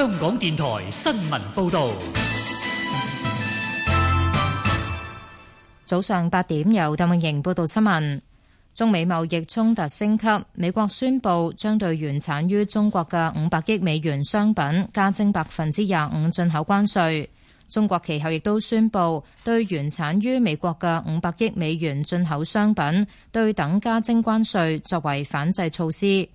香港電台新聞報道，早上八點由鄧永瑩報道新聞。中美貿易衝突升級，美國宣布將對原產於中國嘅五百億美元商品加徵百分之廿五進口關稅。中國其後亦都宣布對原產於美國嘅五百億美元進口商品對等加徵關稅，作為反制措施。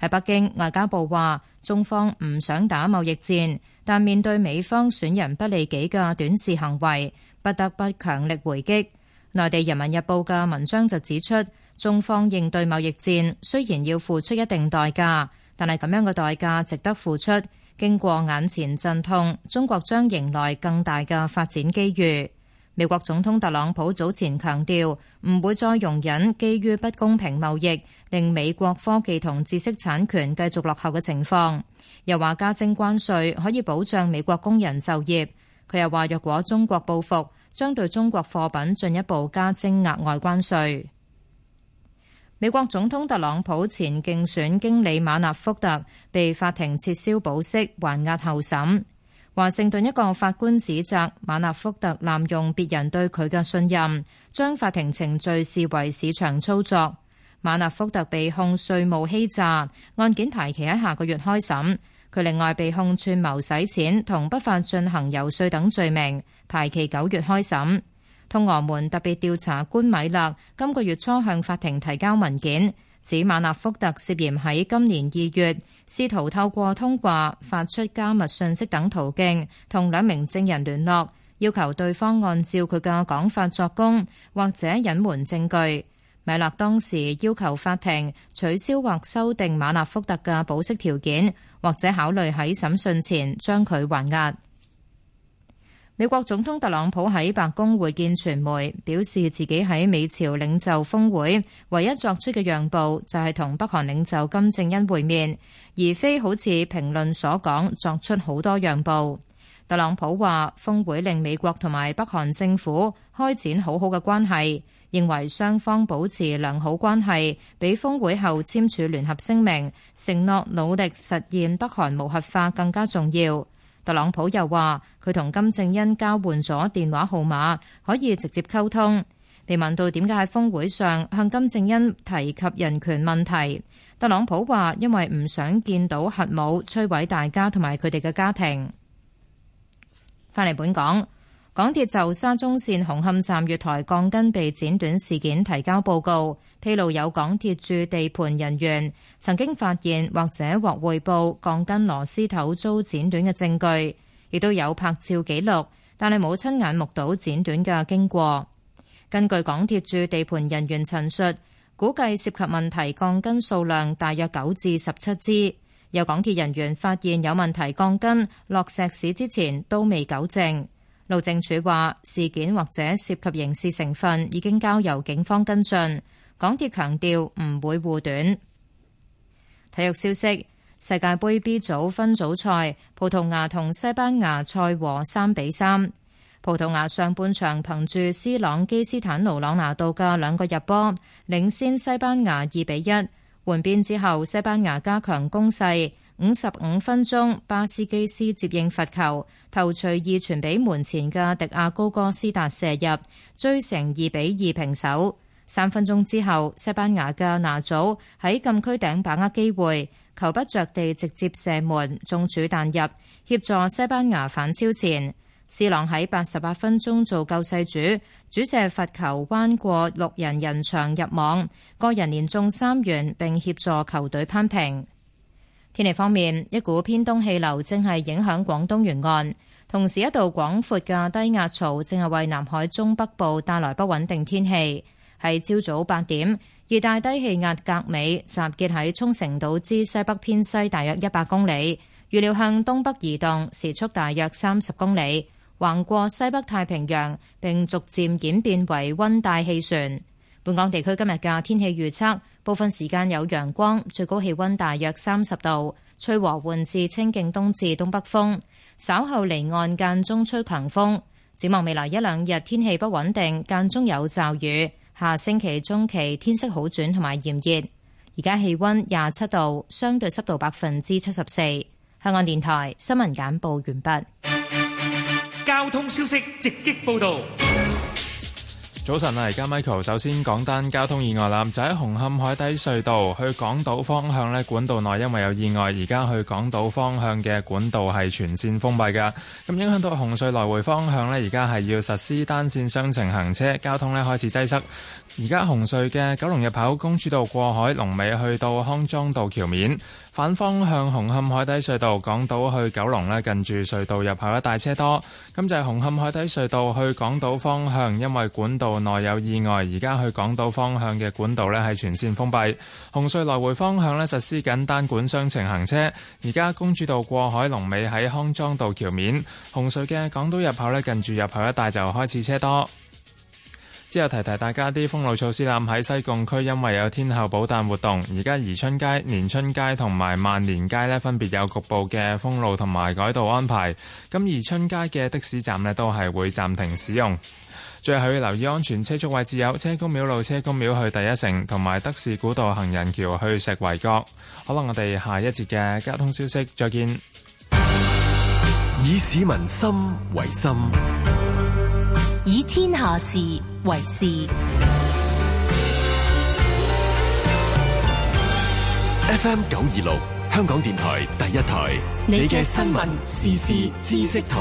喺北京，外交部話。中方唔想打貿易戰，但面對美方損人不利己嘅短視行為，不得不強力回擊。內地人民日報嘅文章就指出，中方應對貿易戰雖然要付出一定代價，但係咁樣嘅代價值得付出。經過眼前陣痛，中國將迎來更大嘅發展機遇。美國總統特朗普早前強調，唔會再容忍基於不公平貿易。令美國科技同知識產權繼續落後嘅情況，又話加徵關稅可以保障美國工人就業。佢又話，若果中國報復，將對中國貨品進一步加徵額外關稅。美國總統特朗普前競選經理馬納福特被法庭撤銷保釋，還押候審。華盛頓一個法官指責馬納福特濫用別人對佢嘅信任，將法庭程序視為市場操作。馬納福特被控稅務欺詐，案件排期喺下個月開審，佢另外被控串謀洗錢同不法進行遊說等罪名，排期九月開審。通俄門特別調查官米勒今個月初向法庭提交文件，指馬納福特涉嫌喺今年二月試圖透過通話、發出加密信息等途徑同兩名證人聯絡，要求對方按照佢嘅講法作供或者隱瞞證據。米勒當時要求法庭取消或修訂馬納福特嘅保釋條件，或者考慮喺審訊前將佢還押。美國總統特朗普喺白宮會見傳媒，表示自己喺美朝領袖峰會唯一作出嘅讓步，就係同北韓領袖金正恩會面，而非好似評論所講作出好多讓步。特朗普話：峰會令美國同埋北韓政府開展好好嘅關係。認為雙方保持良好關係，比峰會後簽署聯合聲明，承諾努力實現北韓無核化更加重要。特朗普又話佢同金正恩交換咗電話號碼，可以直接溝通。被問到點解喺峰會上向金正恩提及人權問題，特朗普話因為唔想見到核武摧毀大家同埋佢哋嘅家庭。翻嚟本港。港鐵就沙中線紅磡站月台鋼筋被剪短事件提交報告，披露有港鐵駐地盤人員曾經發現或者獲匯報鋼筋螺絲頭遭剪短嘅證據，亦都有拍照記錄，但係冇親眼目睹剪短嘅經過。根據港鐵駐地盤人員陳述，估計涉及問題鋼筋數量大約九至十七支。有港鐵人員發現有問題鋼筋落石屎之前都未糾正。路政署話事件或者涉及刑事成分，已經交由警方跟進。港鐵強調唔會護短。體育消息：世界盃 B 組分組賽，葡萄牙同西班牙賽和三比三。葡萄牙上半場憑住斯朗基斯坦奴朗拿度嘅兩個入波，領先西班牙二比一。換邊之後，西班牙加強攻勢。五十五分鐘，巴斯基斯接應罰球，頭隨意傳俾門前嘅迪亞高哥斯達射入，追成二比二平手。三分鐘之後，西班牙嘅拿祖喺禁區頂把握機會，球不着地直接射門，中柱彈入，協助西班牙反超前。C 朗喺八十八分鐘做救世主，主射罰球彎過六人人牆入網，個人連中三元，並協助球隊攀平。天氣方面，一股偏東氣流正係影響廣東沿岸，同時一道廣闊嘅低壓槽正係為南海中北部帶來不穩定天氣。喺朝早八點，熱帶低氣壓格美集結喺沖繩島之西北偏西大約一百公里，預料向東北移動，時速大約三十公里，橫過西北太平洋，並逐漸演變為溫帶氣旋。本港地區今日嘅天氣預測。部分時間有陽光，最高氣溫大約三十度，吹和緩至清勁東至東北風。稍後離岸間中吹強風。展望未來一兩日，天氣不穩定，間中有驟雨。下星期中期天色好轉同埋炎熱。而家氣溫廿七度，相對濕度百分之七十四。香港電台新聞簡報完畢。交通消息直擊報道。早晨啊，而家 Michael 首先講單交通意外啦，就喺紅磡海底隧道去港島方向呢，管道內因為有意外，而家去港島方向嘅管道係全線封閉噶，咁影響到紅隧來回方向呢，而家係要實施單線雙程行車，交通呢開始擠塞。而家紅隧嘅九龍入口公主道過海龍尾去到康莊道橋面，反方向紅磡海底隧道港島去九龍咧，近住隧道入口一帶車多。咁就係紅磡海底隧道去港島方向，因為管道內有意外，而家去港島方向嘅管道咧係全綫封閉。紅隧來回方向咧實施緊單管雙程行車。而家公主道過海龍尾喺康莊道橋面，紅隧嘅港島入口咧近住入口一帶就開始車多。之後提提大家啲封路措施啦，喺西貢區，因為有天后寶誕活動，而家宜春街、年春街同埋萬年街呢，分別有局部嘅封路同埋改道安排。咁宜春街嘅的，的士站呢，都係會暫停使用。最後要留意安全車速位置有車公廟路、車公廟去第一城同埋德士古道行人橋去石圍角。好啦，我哋下一節嘅交通消息再見。以市民心為心。下事為事，FM 九二六香港電台第一台，你嘅新聞時事知識台。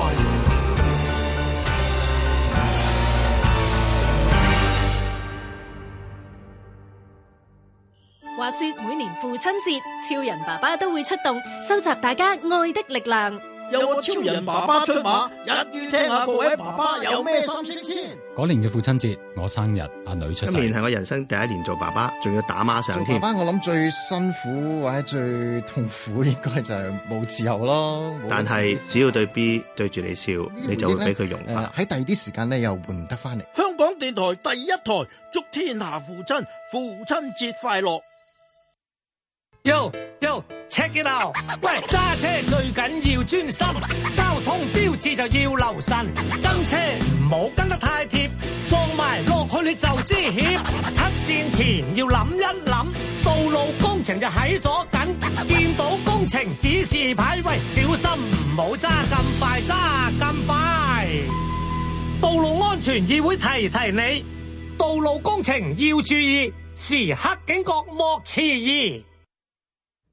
話說每年父親節，超人爸爸都會出動，收集大家愛的力量。有我超人爸爸出馬，一要聽下各位爸爸有咩心聲先。嗰年嘅父親節，我生日，阿女出世。今年係我人生第一年做爸爸，仲要打孖上添。做爸爸我諗最辛苦或者最痛苦應該就係冇自由咯。但係是只要對 B 對住你笑，你就會俾佢融化。喺第二啲時間咧又換得翻嚟。香港電台第一台祝天下父親父親節快樂。喲喲，check it out！喂，揸車最緊要專心，交通標誌就要留神，跟車唔好跟得太貼，撞埋落去你就知險。黑綫前要諗一諗，道路工程就喺咗緊，見到工程指示牌喂，小心唔好揸咁快，揸咁快。道路安全議會提提你，道路工程要注意，時刻警覺莫遲疑。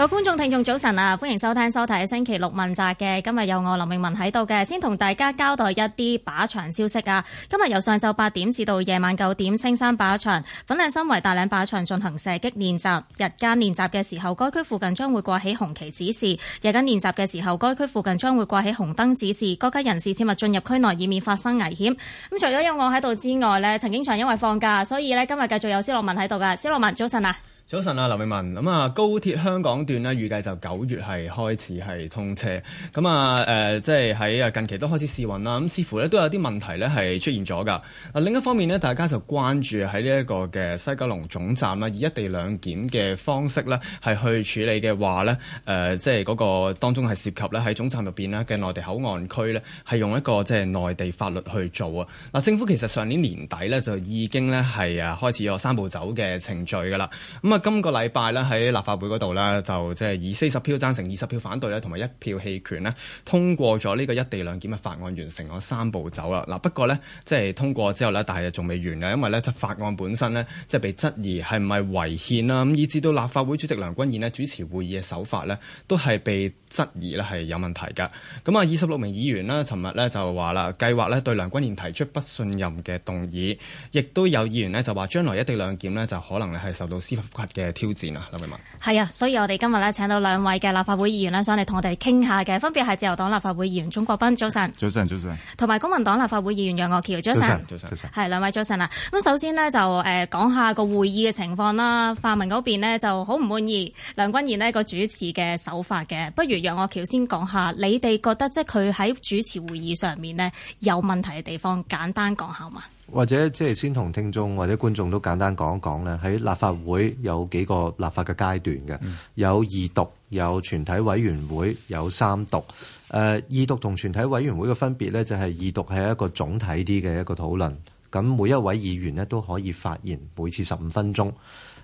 各位觀眾、聽眾，早晨啊！歡迎收聽、收睇星期六問責嘅，今日有我林泳文喺度嘅，先同大家交代一啲靶場消息啊！今日由上晝八點至到夜晚九點，青山靶場粉嶺新圍大嶺靶場進行射擊練習。日間練習嘅時候，該區附近將會掛起紅旗指示；夜間練習嘅時候，該區附近將會掛起紅燈指示，各界人士切勿進入區內，以免發生危險。咁除咗有我喺度之外呢，曾經常因為放假，所以呢，今日繼續有蕭樂文喺度噶。蕭樂文，早晨啊！早晨啊，劉永文，咁啊，高鐵香港段呢，預計就九月係開始係通車，咁啊，誒、呃，即係喺近期都開始試運啦，咁似乎咧都有啲問題咧係出現咗㗎。嗱，另一方面呢，大家就關注喺呢一個嘅西九龍總站啦，以一地兩檢嘅方式咧係去處理嘅話咧，誒、呃，即係嗰個當中係涉及咧喺總站入邊呢嘅內地口岸區咧，係用一個即係內地法律去做啊。嗱，政府其實上年年底咧就已經咧係啊開始有三步走嘅程序㗎啦，咁啊～今個禮拜呢喺立法會嗰度呢就即係以四十票贊成、二十票反對呢同埋一票棄權呢通過咗呢個一地兩檢嘅法案，完成咗三步走啦。嗱，不過呢，即係通過之後呢，但係仲未完啊，因為呢，即法案本身呢，即係被質疑係唔係違憲啦，咁以至到立法會主席梁君彥呢主持會議嘅手法呢，都係被質疑呢係有問題嘅。咁啊，二十六名議員呢，尋日呢就話啦，計劃呢對梁君彥提出不信任嘅動議，亦都有議員呢就話將來一地兩檢呢，就可能咧係受到司法嘅挑戰啊，林明文係啊，所以我哋今日呢請到兩位嘅立法會議員呢，想嚟同我哋傾下嘅，分別係自由黨立法會議員鍾國斌，早晨，早晨，早晨安，同埋公民黨立法會議員楊岳橋，早晨，早晨安，早晨，係兩位早晨啊。咁安首先呢，就誒講下個會議嘅情況啦。泛民嗰邊呢就好唔滿意梁君彥呢個主持嘅手法嘅，不如楊岳橋先講下，你哋覺得即係佢喺主持會議上面呢，有問題嘅地方，簡單講下嘛。或者即係先同聽眾或者觀眾都簡單講一講咧，喺立法會有幾個立法嘅階段嘅，有二讀，有全體委員會，有三讀。誒、呃，二讀同全體委員會嘅分別呢，就係二讀係一個總體啲嘅一個討論，咁每一位議員咧都可以發言，每次十五分鐘。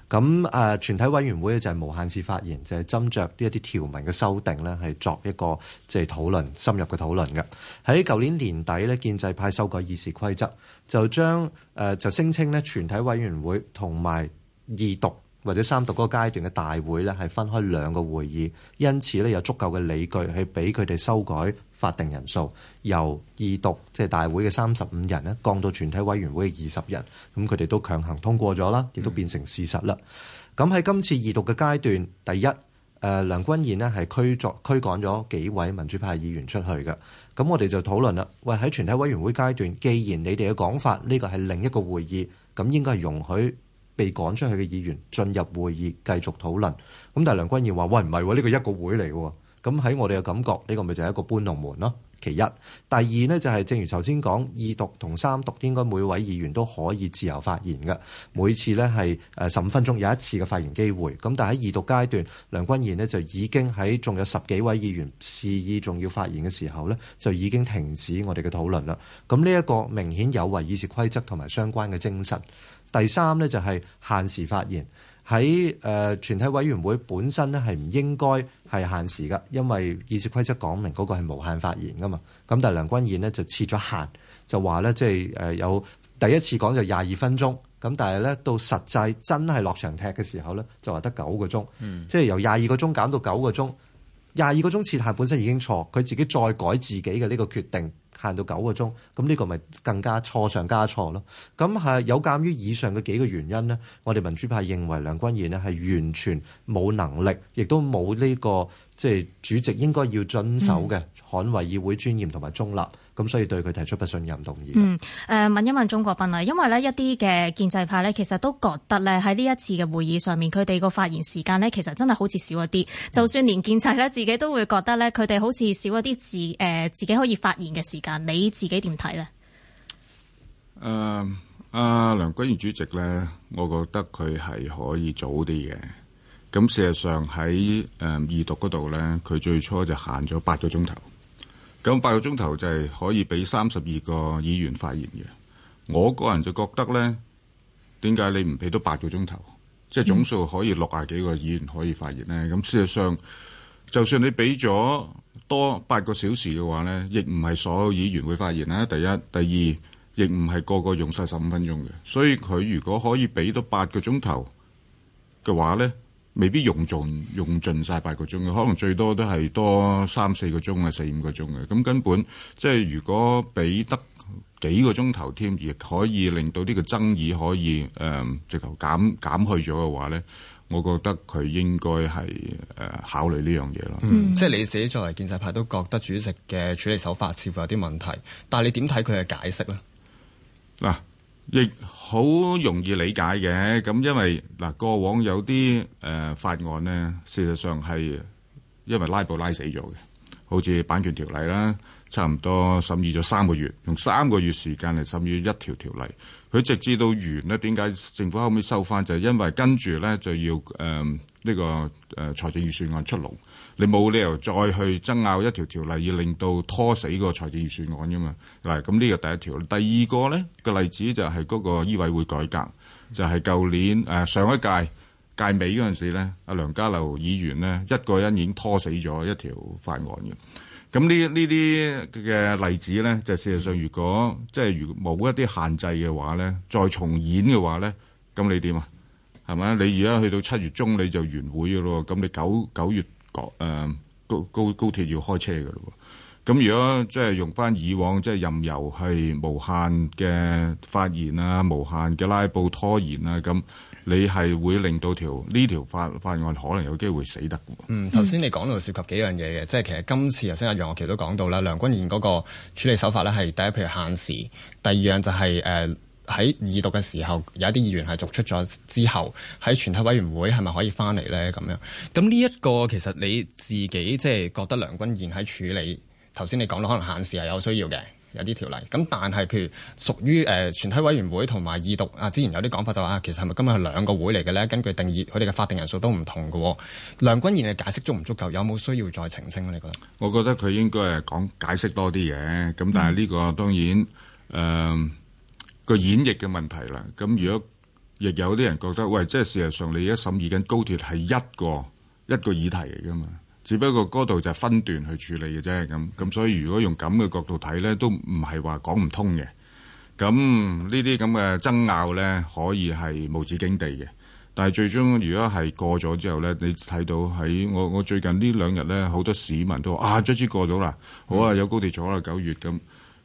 咁誒，全體委員會咧就係無限次發言，就係斟酌呢一啲條文嘅修訂咧，係作一個即係討論深入嘅討論嘅。喺舊年年底咧，建制派修改議事規則，就將誒、呃、就聲稱咧，全體委員會同埋二讀或者三讀嗰個階段嘅大會咧，係分開兩個會議，因此咧有足夠嘅理據去俾佢哋修改。法定人數由二讀即係大會嘅三十五人咧，降到全體委員會嘅二十人，咁佢哋都強行通過咗啦，亦都變成事實啦。咁喺今次二讀嘅階段，第一，誒、呃、梁君彥呢，係驅逐驅趕咗幾位民主派議員出去嘅，咁我哋就討論啦。喂，喺全體委員會階段，既然你哋嘅講法呢個係另一個會議，咁應該係容許被趕出去嘅議員進入會議繼續討論。咁但係梁君彥話，喂，唔係，呢個一個會嚟喎。咁喺我哋嘅感覺，呢、這個咪就係一個搬龍門咯。其一，第二呢，就係、是，正如頭先講，二讀同三讀應該每位議員都可以自由發言嘅。每次呢，係誒十五分鐘有一次嘅發言機會。咁但喺二讀階段，梁君彥呢就已經喺仲有十幾位議員示意仲要發言嘅時候呢，就已經停止我哋嘅討論啦。咁呢一個明顯有違議事規則同埋相關嘅精神。第三呢，就係、是、限時發言。喺誒、呃、全體委員會本身呢，係唔應該。係限時噶，因為議事規則講明嗰、嗰個係無限發言噶嘛。咁但係梁君彥呢就設咗限，就話咧即係誒有第一次講就廿二分鐘，咁但係咧到實際真係落場踢嘅時候咧就話得九個鐘，嗯、即係由廿二個鐘減到九個鐘。廿二個鐘設限本身已經錯，佢自己再改自己嘅呢個決定，限到九個鐘，咁呢個咪更加錯上加錯咯。咁係有鑑於以上嘅幾個原因呢，我哋民主派認為梁君彥咧係完全冇能力，亦都冇呢個即係主席應該要遵守嘅捍衛議會尊嚴同埋中立。嗯咁所以對佢提出不信任動議。嗯，誒、呃、問一問鍾國斌啊，因為呢一啲嘅建制派呢，其實都覺得咧喺呢一次嘅會議上面，佢哋個發言時間呢，其實真係好似少一啲。嗯、就算連建制呢，自己都會覺得呢，佢哋好似少一啲自誒自己可以發言嘅時間。你自己點睇呢？誒、呃，阿、呃、梁君彥主席呢，我覺得佢係可以早啲嘅。咁事實上喺誒、呃、二讀嗰度呢，佢最初就行咗八個鐘頭。咁八個鐘頭就係可以俾三十二個議員發言嘅，我個人就覺得呢，點解你唔俾到八個鐘頭，即係總數可以六廿幾個議員可以發言呢？咁事實上，就算你俾咗多八個小時嘅話呢，亦唔係所有議員會發言啦。第一、第二，亦唔係個個用晒十五分鐘嘅。所以佢如果可以俾到八個鐘頭嘅話呢。未必用盡用盡晒八個鐘，可能最多都係多三四個鐘啊，四五個鐘嘅。咁根本即係如果俾得幾個鐘頭添，亦可以令到呢個爭議可以誒、呃、直頭減減去咗嘅話咧，我覺得佢應該係誒、呃、考慮呢樣嘢咯。嗯，即係你自己作為建制派都覺得主席嘅處理手法似乎有啲問題，但係你點睇佢嘅解釋咧？嗱。啊亦好容易理解嘅，咁因為嗱過往有啲誒、呃、法案呢，事實上係因為拉布拉死咗嘅，好似版權條例啦，差唔多審議咗三個月，用三個月時間嚟審議一條條例，佢直至到完呢，點解政府後尾收翻就係、係、因為跟住咧就要誒呢、呃呢個誒財政預算案出爐。你冇理由再去爭拗一條條例，要令到拖死個財政預算案噶嘛？嗱，咁呢個第一條。第二個咧嘅例子就係嗰個醫委會改革，嗯、就係舊年誒、呃、上一屆屆尾嗰陣時咧，阿梁家騮議員咧一個人已經拖死咗一條法案嘅。咁呢呢啲嘅例子咧，就係、事實上，如果即係冇一啲限制嘅話咧，再重演嘅話咧，咁你點啊？係咪你而家去到七月中你就完會噶咯，咁你九九月？誒、uh, 高高高鐵要開車嘅咯喎，咁如果即係用翻以往即係任由係無限嘅發言啊、無限嘅拉布拖延啊，咁你係會令到條呢條法法案可能有機會死得喎。嗯，頭先你講到涉及幾樣嘢嘅，即係其實今次頭先阿楊岳橋都講到啦，梁君彥嗰個處理手法咧係第一，譬如限時；第二樣就係、是、誒。Uh, 喺二讀嘅時候，有一啲議員係逐出咗之後，喺全體委員會係咪可以翻嚟呢？咁樣咁呢一個其實你自己即係覺得梁君彥喺處理頭先你講到可能限時係有需要嘅，有啲條例咁，但係譬如屬於誒全體委員會同埋二讀啊，之前有啲講法就話、是啊、其實係咪今日係兩個會嚟嘅呢？根據定義，佢哋嘅法定人數都唔同嘅、哦。梁君彥嘅解釋足唔足夠？有冇需要再澄清？你覺得？我覺得佢應該係講解釋多啲嘢咁，但係呢個當然誒。嗯嗯個演繹嘅問題啦，咁如果亦有啲人覺得，喂，即係事實上你一審議緊高鐵係一個一個議題嚟噶嘛，只不過嗰度就分段去處理嘅啫，咁咁所以如果用咁嘅角度睇咧，都唔係話講唔通嘅。咁呢啲咁嘅爭拗咧，可以係無止境地嘅，但係最終如果係過咗之後咧，你睇到喺我我最近呢兩日咧，好多市民都啊，終於過到啦，好啊，有高鐵坐啦，九月咁。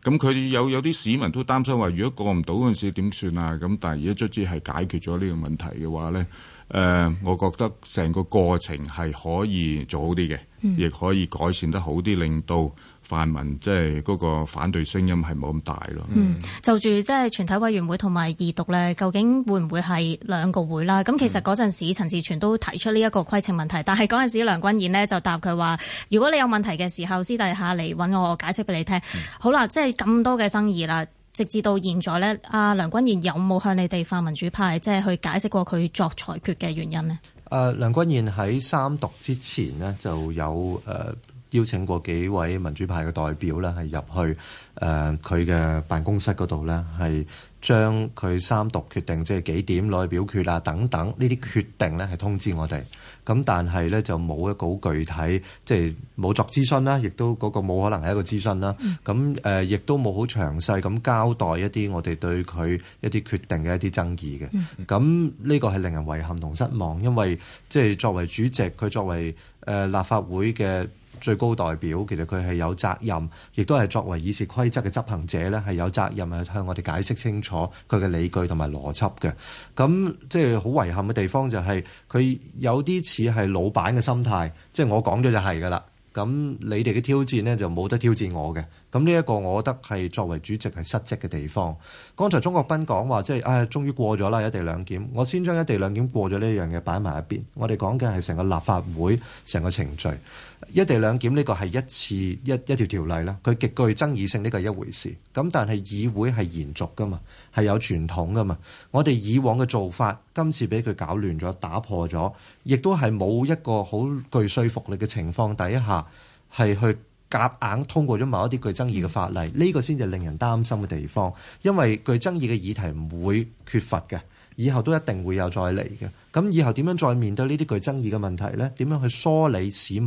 咁佢有有啲市民都擔心話，如果過唔到嗰陣時點算啊？咁但係而家卒之係解決咗呢個問題嘅話咧，誒、嗯呃，我覺得成個過程係可以做好啲嘅，亦可以改善得好啲，令到。泛民即係嗰個反對聲音係冇咁大咯。嗯，就住即係全體委員會同埋二讀呢，究竟會唔會係兩個會啦？咁其實嗰陣時，陳、嗯、志全都提出呢一個規程問題，但係嗰陣時，梁君彥呢，就答佢話：如果你有問題嘅時候，私底下嚟搵我解釋俾你聽。嗯、好啦，即係咁多嘅爭議啦，直至到現在呢，阿梁君彥有冇向你哋泛民主派即係去解釋過佢作裁決嘅原因呢？誒、呃，梁君彥喺三讀之前呢，就有誒。呃邀請過幾位民主派嘅代表咧，係入去誒佢嘅辦公室嗰度咧，係將佢三讀決定即係幾點攞去表決啊等等呢啲決定咧，係通知我哋咁，但係咧就冇一個好具體，即係冇作諮詢啦，亦都嗰個冇可能係一個諮詢啦。咁誒、嗯，亦、呃、都冇好詳細咁交代一啲我哋對佢一啲決定嘅一啲爭議嘅。咁呢、嗯、個係令人遺憾同失望，因為即係作為主席，佢作為誒、呃、立法會嘅。最高代表其實佢係有責任，亦都係作為議事規則嘅執行者咧，係有責任去向我哋解釋清楚佢嘅理據同埋邏輯嘅。咁即係好遺憾嘅地方就係、是、佢有啲似係老闆嘅心態，即係我講咗就係㗎啦。咁你哋嘅挑戰呢，就冇得挑戰我嘅。咁呢一個，我覺得係作為主席係失職嘅地方。剛才鍾國斌講話，即係唉、哎，終於過咗啦，一地兩檢。我先將一地兩檢過咗呢樣嘢擺埋一邊。我哋講嘅係成個立法會成個程序，一地兩檢呢個係一次一一條條例啦，佢極具爭議性，呢個係一回事。咁但係議會係延續噶嘛，係有傳統噶嘛。我哋以往嘅做法，今次俾佢搞亂咗、打破咗，亦都係冇一個好具說服力嘅情況底下，係去，夾硬通過咗某一啲具爭議嘅法例，呢、嗯、個先至令人擔心嘅地方。因為具爭議嘅議題唔會缺乏嘅，以後都一定會有再嚟嘅。咁以後點樣再面對呢啲具爭議嘅問題呢？點樣去梳理市民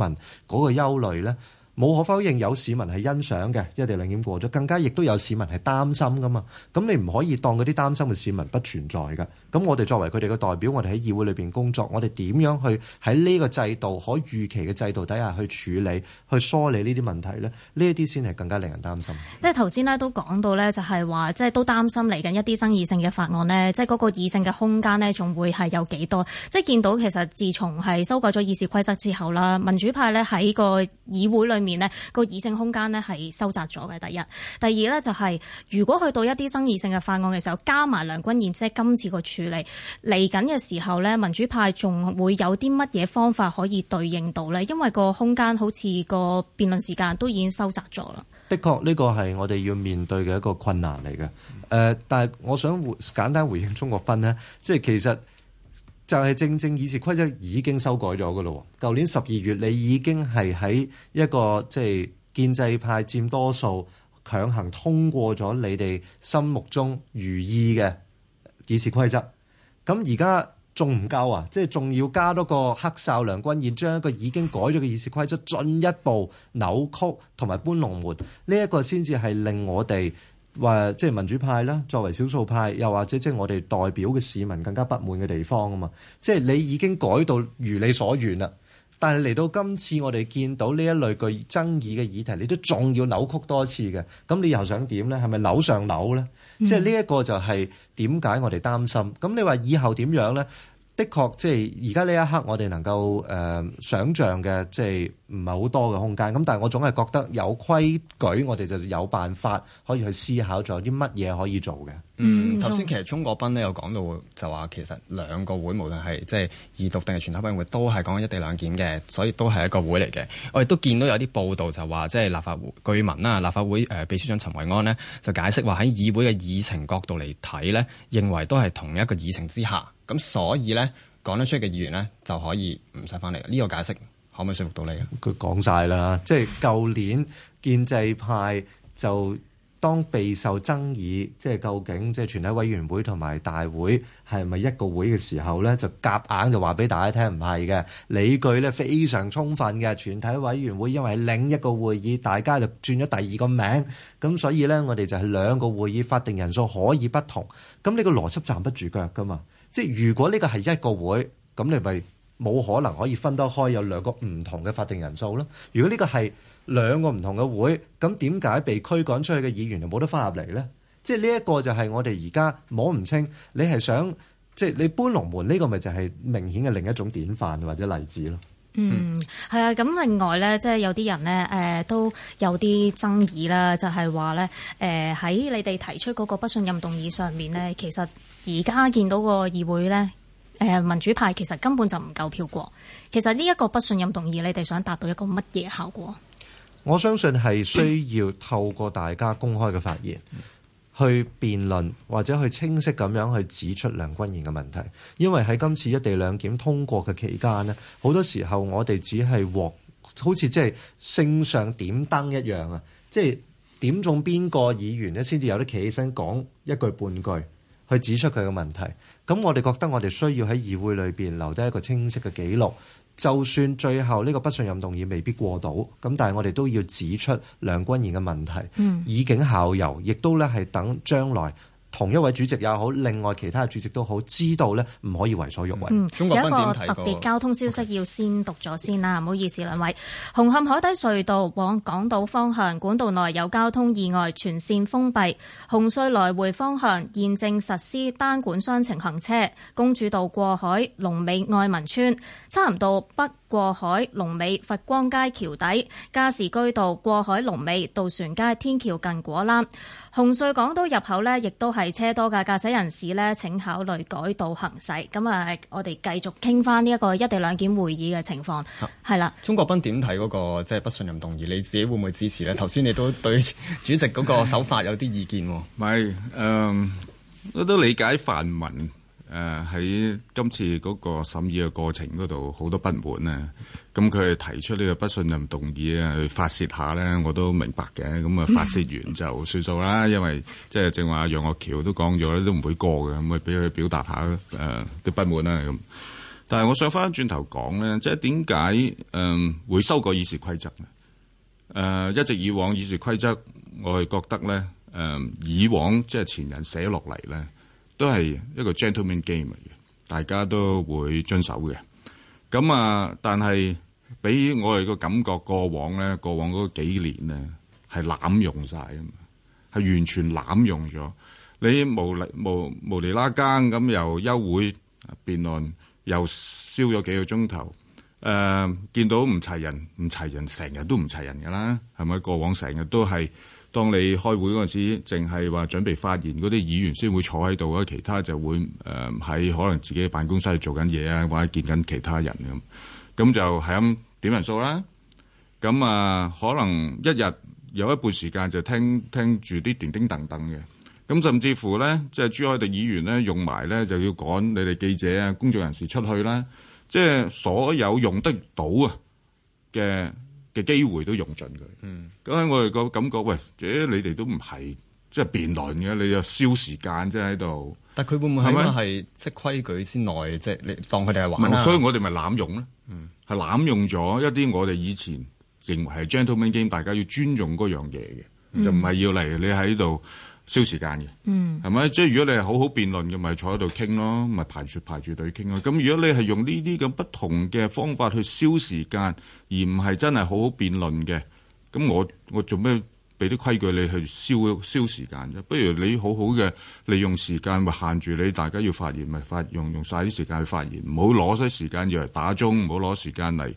嗰個憂慮呢？冇可否認有市民係欣賞嘅，一地兩檢過咗，更加亦都有市民係擔心噶嘛。咁你唔可以當嗰啲擔心嘅市民不存在噶。咁我哋作為佢哋嘅代表，我哋喺議會裏邊工作，我哋點樣去喺呢個制度可預期嘅制度底下，去處理、去梳理呢啲問題呢？呢一啲先係更加令人擔心。即係頭先呢都講到呢，就係話即係都擔心嚟緊一啲爭議性嘅法案呢，即係嗰個議政嘅空間呢，仲會係有幾多？即係見到其實自從係修改咗議事規則之後啦，民主派呢喺個議會裏面呢，個議政空間呢係收窄咗嘅。第一，第二呢，就係如果去到一啲爭議性嘅法案嘅時候，加埋梁君彥，即係今次個處，嚟嚟緊嘅時候咧，民主派仲會有啲乜嘢方法可以對應到咧？因為個空間好似個辯論時間都已經收窄咗啦。的確，呢、這個係我哋要面對嘅一個困難嚟嘅。誒、呃，但係我想回簡單回應鍾國斌呢，即係其實就係正正議事規則已經修改咗噶啦。舊年十二月，你已經係喺一個即係建制派佔多數強行通過咗你哋心目中如意嘅議事規則。咁而家仲唔夠啊？即係仲要加多個黑哨梁君彥，將一個已經改咗嘅議事規則進一步扭曲同埋搬龍門，呢、這、一個先至係令我哋話即係民主派啦，作為少數派，又或者即係我哋代表嘅市民更加不滿嘅地方啊嘛！即係你已經改到如你所願啦。但係嚟到今次，我哋見到呢一類具爭議嘅議題，你都仲要扭曲多次嘅，咁你又想點咧？係咪扭上扭咧？嗯、即係呢一個就係點解我哋擔心？咁你話以後點樣咧？的確即係而家呢一刻，我哋能夠誒、呃、想像嘅即係。唔係好多嘅空間咁，但係我總係覺得有規矩，我哋就有辦法可以去思考，仲有啲乜嘢可以做嘅。嗯，頭先、嗯、其實鍾國斌咧有講到就話，其實兩個會，無論係即係二讀定係全體委員會，都係講緊一地兩檢嘅，所以都係一個會嚟嘅。我亦都見到有啲報道就話，即、就、係、是、立法會據聞啦，立法會誒秘書長陳維安呢，就解釋話喺議會嘅議程角度嚟睇呢，認為都係同一個議程之下咁，所以呢，講得出嘅議員呢，就可以唔使翻嚟呢個解釋。可唔可以說服到你啊？佢講晒啦，即係舊年建制派就當備受爭議，即係究竟即係全體委員會同埋大會係咪一個會嘅時候咧，就夾硬就話俾大家聽唔係嘅理據咧，非常充分嘅。全體委員會因為另一個會議，大家就轉咗第二個名，咁所以咧，我哋就係兩個會議法定人數可以不同，咁呢個邏輯站不住腳㗎嘛。即係如果呢個係一個會，咁你咪？冇可能可以分得開有兩個唔同嘅法定人數咯。如果呢個係兩個唔同嘅會，咁點解被驅趕出去嘅議員就冇得翻入嚟呢？即係呢一個就係我哋而家摸唔清，你係想即係你搬龍門呢個咪就係明顯嘅另一種典範或者例子咯。嗯，係啊、嗯。咁另外呢，即係有啲人呢誒、呃、都有啲爭議啦，就係、是、話呢，誒、呃、喺你哋提出嗰個不信任動議上面呢，其實而家見到個議會呢。誒、呃，民主派其實根本就唔夠票過。其實呢一個不信任動議，你哋想達到一個乜嘢效果？我相信係需要透過大家公開嘅發言、嗯、去辯論，或者去清晰咁樣去指出梁君彥嘅問題。因為喺今次一地兩檢通過嘅期間咧，好多時候我哋只係獲好似即係聖上點燈一樣啊，即、就、係、是、點中邊個議員咧，先至有得企起身講一句半句，去指出佢嘅問題。咁我哋覺得我哋需要喺議會裏邊留低一個清晰嘅記錄，就算最後呢個不信任動議未必過到，咁但係我哋都要指出梁君彥嘅問題，以儆效尤，亦都咧係等將來。同一位主席也好，另外其他主席都好，知道呢唔可以為所欲為。為、嗯。仲有一個特別交通消息要先讀咗 Okay. 先啦，唔好意思兩位。紅磡海底隧道往港島方向管道內有交通意外，全線封閉，紅隧來回方向現正實施單管雙程行車，公主道過海、龍尾愛民邨、差唔多北。過海龍尾、佛光街橋底、加士居道、過海龍尾、渡船街天橋近果欄、紅隧港島入口呢，亦都係車多嘅，駕駛人士呢，請考慮改道行駛。咁啊，我哋繼續傾翻呢一個一地兩檢會議嘅情況，係啦。鍾國斌點睇嗰個即係不信任動議？你自己會唔會支持呢？頭先你都對主席嗰個手法有啲意見，唔係誒，我都、um, 理解泛民 lovely s。most Away 誒，喺、呃、今次嗰個審議嘅過程嗰度，好多不滿啊！咁佢係提出呢個不信任動議啊，去發洩下咧，我都明白嘅。咁、嗯、啊，發洩完就算數啦，因為即係、就是、正話楊岳橋都講咗咧，都唔會過嘅，咁啊俾佢表達下誒啲、呃、不滿啦。咁、嗯，但係我想翻轉頭講咧，即係點解誒會修改議事規則咧？誒、呃，一直以往議事規則，我係覺得咧，誒、呃、以往即係前人寫落嚟咧，都係一個 gentleman game 嚟嘅，大家都會遵守嘅。咁啊，但係俾我哋個感覺，過往咧，過往嗰幾年咧係濫用晒啊嘛，係完全濫用咗。你無理無無理拉更咁，又休會辯論，又燒咗幾個鐘頭。誒、呃，見到唔齊人，唔齊人，成日都唔齊人㗎啦，係咪？過往成日都係。當你開會嗰陣時，淨係話準備發言嗰啲議員先會坐喺度，或其他就會誒喺、呃、可能自己嘅辦公室做緊嘢啊，或者見緊其他人咁，咁就係咁點人數啦。咁啊，可能一日有一半時間就聽聽住啲叮叮噹噹嘅。咁甚至乎咧，即係朱凱廸議員咧用埋咧就要趕你哋記者啊、工作人士出去啦。即係所有用得到啊嘅。嘅機會都用盡佢，咁喺、嗯、我哋個感覺，喂，誒、欸、你哋都唔係即係辯論嘅，你又燒時間即係喺度。但佢會唔會係即係規矩先內，即係你當佢哋係玩，啊？咁所以我哋咪濫用囉，係、嗯、濫用咗一啲我哋以前認為係 gentleman game 大家要尊重嗰樣嘢嘅，嗯、就唔係要嚟你喺度。消時間嘅，係咪、嗯？即係如果你係好好辯論嘅，咪、就是、坐喺度傾咯，咪、就是、排住排住隊傾咯。咁如果你係用呢啲咁不同嘅方法去消時間，而唔係真係好好辯論嘅，咁我我做咩俾啲規矩你去消消時間啫？不如你好好嘅利用時間，咪限住你大家要發言，咪發用用晒啲時間去發言，唔好攞晒時間要嚟打鐘，唔好攞時間嚟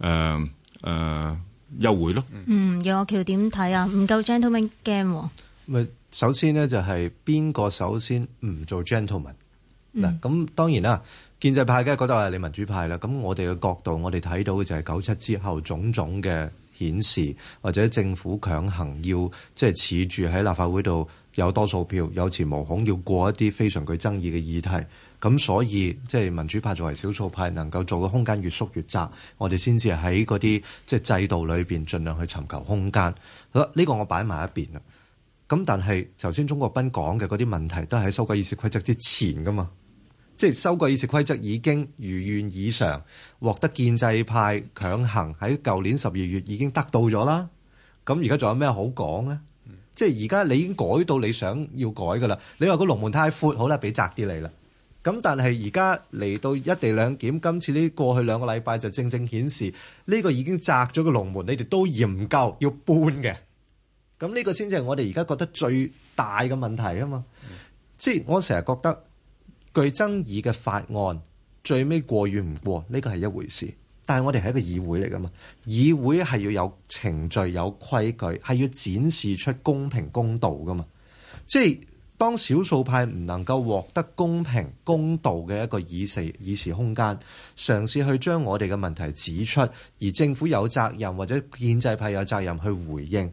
誒誒休會咯。嗯，楊岳橋點睇啊？唔夠 gentleman game 咪、哦、～ 首先呢，就係邊個首先唔做 gentleman 嗱、嗯，咁當然啦，建制派梗係覺得係你民主派啦。咁我哋嘅角度，我哋睇到嘅就係九七之後種種嘅顯示，或者政府強行要即係恃住喺立法會度有多數票有恃無恐，要過一啲非常具爭議嘅議題。咁所以即係、就是、民主派作為少數派，能夠做嘅空間越縮越窄，我哋先至喺嗰啲即係制度裏邊盡量去尋求空間。好啦，呢、這個我擺埋一邊啦。咁但係，頭先鍾國斌講嘅嗰啲問題，都係喺修改議事規則之前噶嘛？即係修改議事規則已經如願以償，獲得建制派強行喺舊年十二月已經得到咗啦。咁而家仲有咩好講咧？嗯、即係而家你已經改到你想要改噶啦。你話個龍門太闊，好啦，俾窄啲你啦。咁但係而家嚟到一地兩檢，今次呢過去兩個禮拜就正正顯示呢、呢個已經窄咗嘅龍門，你哋都嫌唔夠要搬嘅。咁呢個先至係我哋而家覺得最大嘅問題啊嘛。即係我成日覺得具爭議嘅法案最尾過與唔過呢個係一回事，但係我哋係一個議會嚟噶嘛？議會係要有程序、有規矩，係要展示出公平公道噶嘛？即係當少數派唔能夠獲得公平公道嘅一個議事議事空間，嘗試去將我哋嘅問題指出，而政府有責任或者建制派有責任去回應。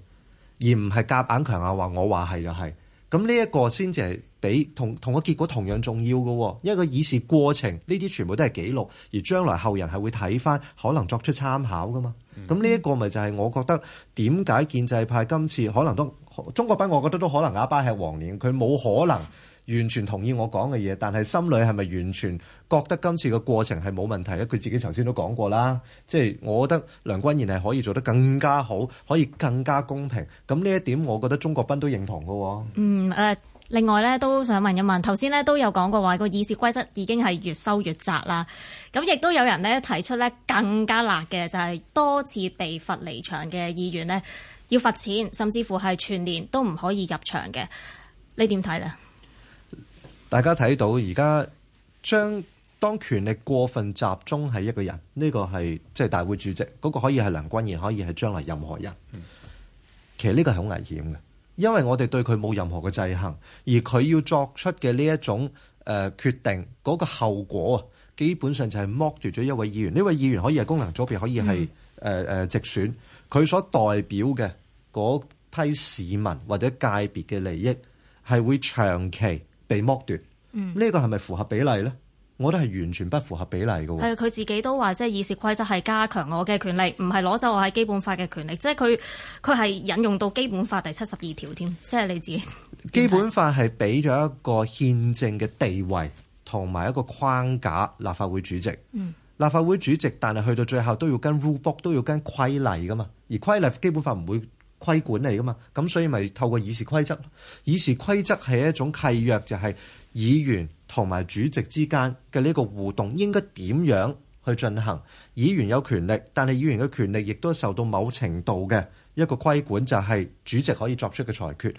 而唔係夾硬強硬話我話係就係，咁呢一個先至係比同同個結果同樣重要嘅喎。因為個議事過程呢啲全部都係記錄，而將來後人係會睇返，可能作出參考㗎嘛。咁呢一個咪就係我覺得點解建制派今次可能都中國賓，我覺得都可能啞巴係黃年，佢冇可能。完全同意我講嘅嘢，但係心裏係咪完全覺得今次個過程係冇問題呢？佢自己頭先都講過啦，即係我覺得梁君彥係可以做得更加好，可以更加公平。咁呢一點，我覺得鍾國斌都認同嘅喎。嗯誒、呃，另外呢，都想問一問，頭先呢都有講過話個議事規則已經係越收越窄啦。咁亦都有人呢提出呢更加辣嘅，就係、是、多次被罰離場嘅議員呢，要罰錢，甚至乎係全年都唔可以入場嘅。你點睇呢？大家睇到而家將當權力過分集中喺一個人呢、呢個係即係大會主席嗰、嗰個可以係梁君彥，可以係將來任何人。其實呢個係好危險嘅，因為我哋對佢冇任何嘅制衡，而佢要作出嘅呢一種誒、呃、決定嗰、嗰個後果啊，基本上就係剝奪咗一位議員呢位議員可以係功能組別，可以係誒誒直選，佢所代表嘅嗰批市民或者界別嘅利益係會長期。被剝奪，呢、這個係咪符合比例咧？我覺得係完全不符合比例嘅。係佢自己都話，即係議事規則係加強我嘅權力，唔係攞走我喺基本法嘅權力。即係佢佢係引用到基本法第七十二條添。即係你自己，基本法係俾咗一個憲政嘅地位同埋一個框架，立法會主席。嗯，立法會主席，但係去到最後都要跟 rulebook，都要跟規例㗎嘛。而規例基本法唔會。規管嚟噶嘛，咁所以咪透過議事規則。議事規則係一種契約，就係、是、議員同埋主席之間嘅呢個互動應該點樣去進行。議員有權力，但係議員嘅權力亦都受到某程度嘅。一個規管就係、是、主席可以作出嘅裁決。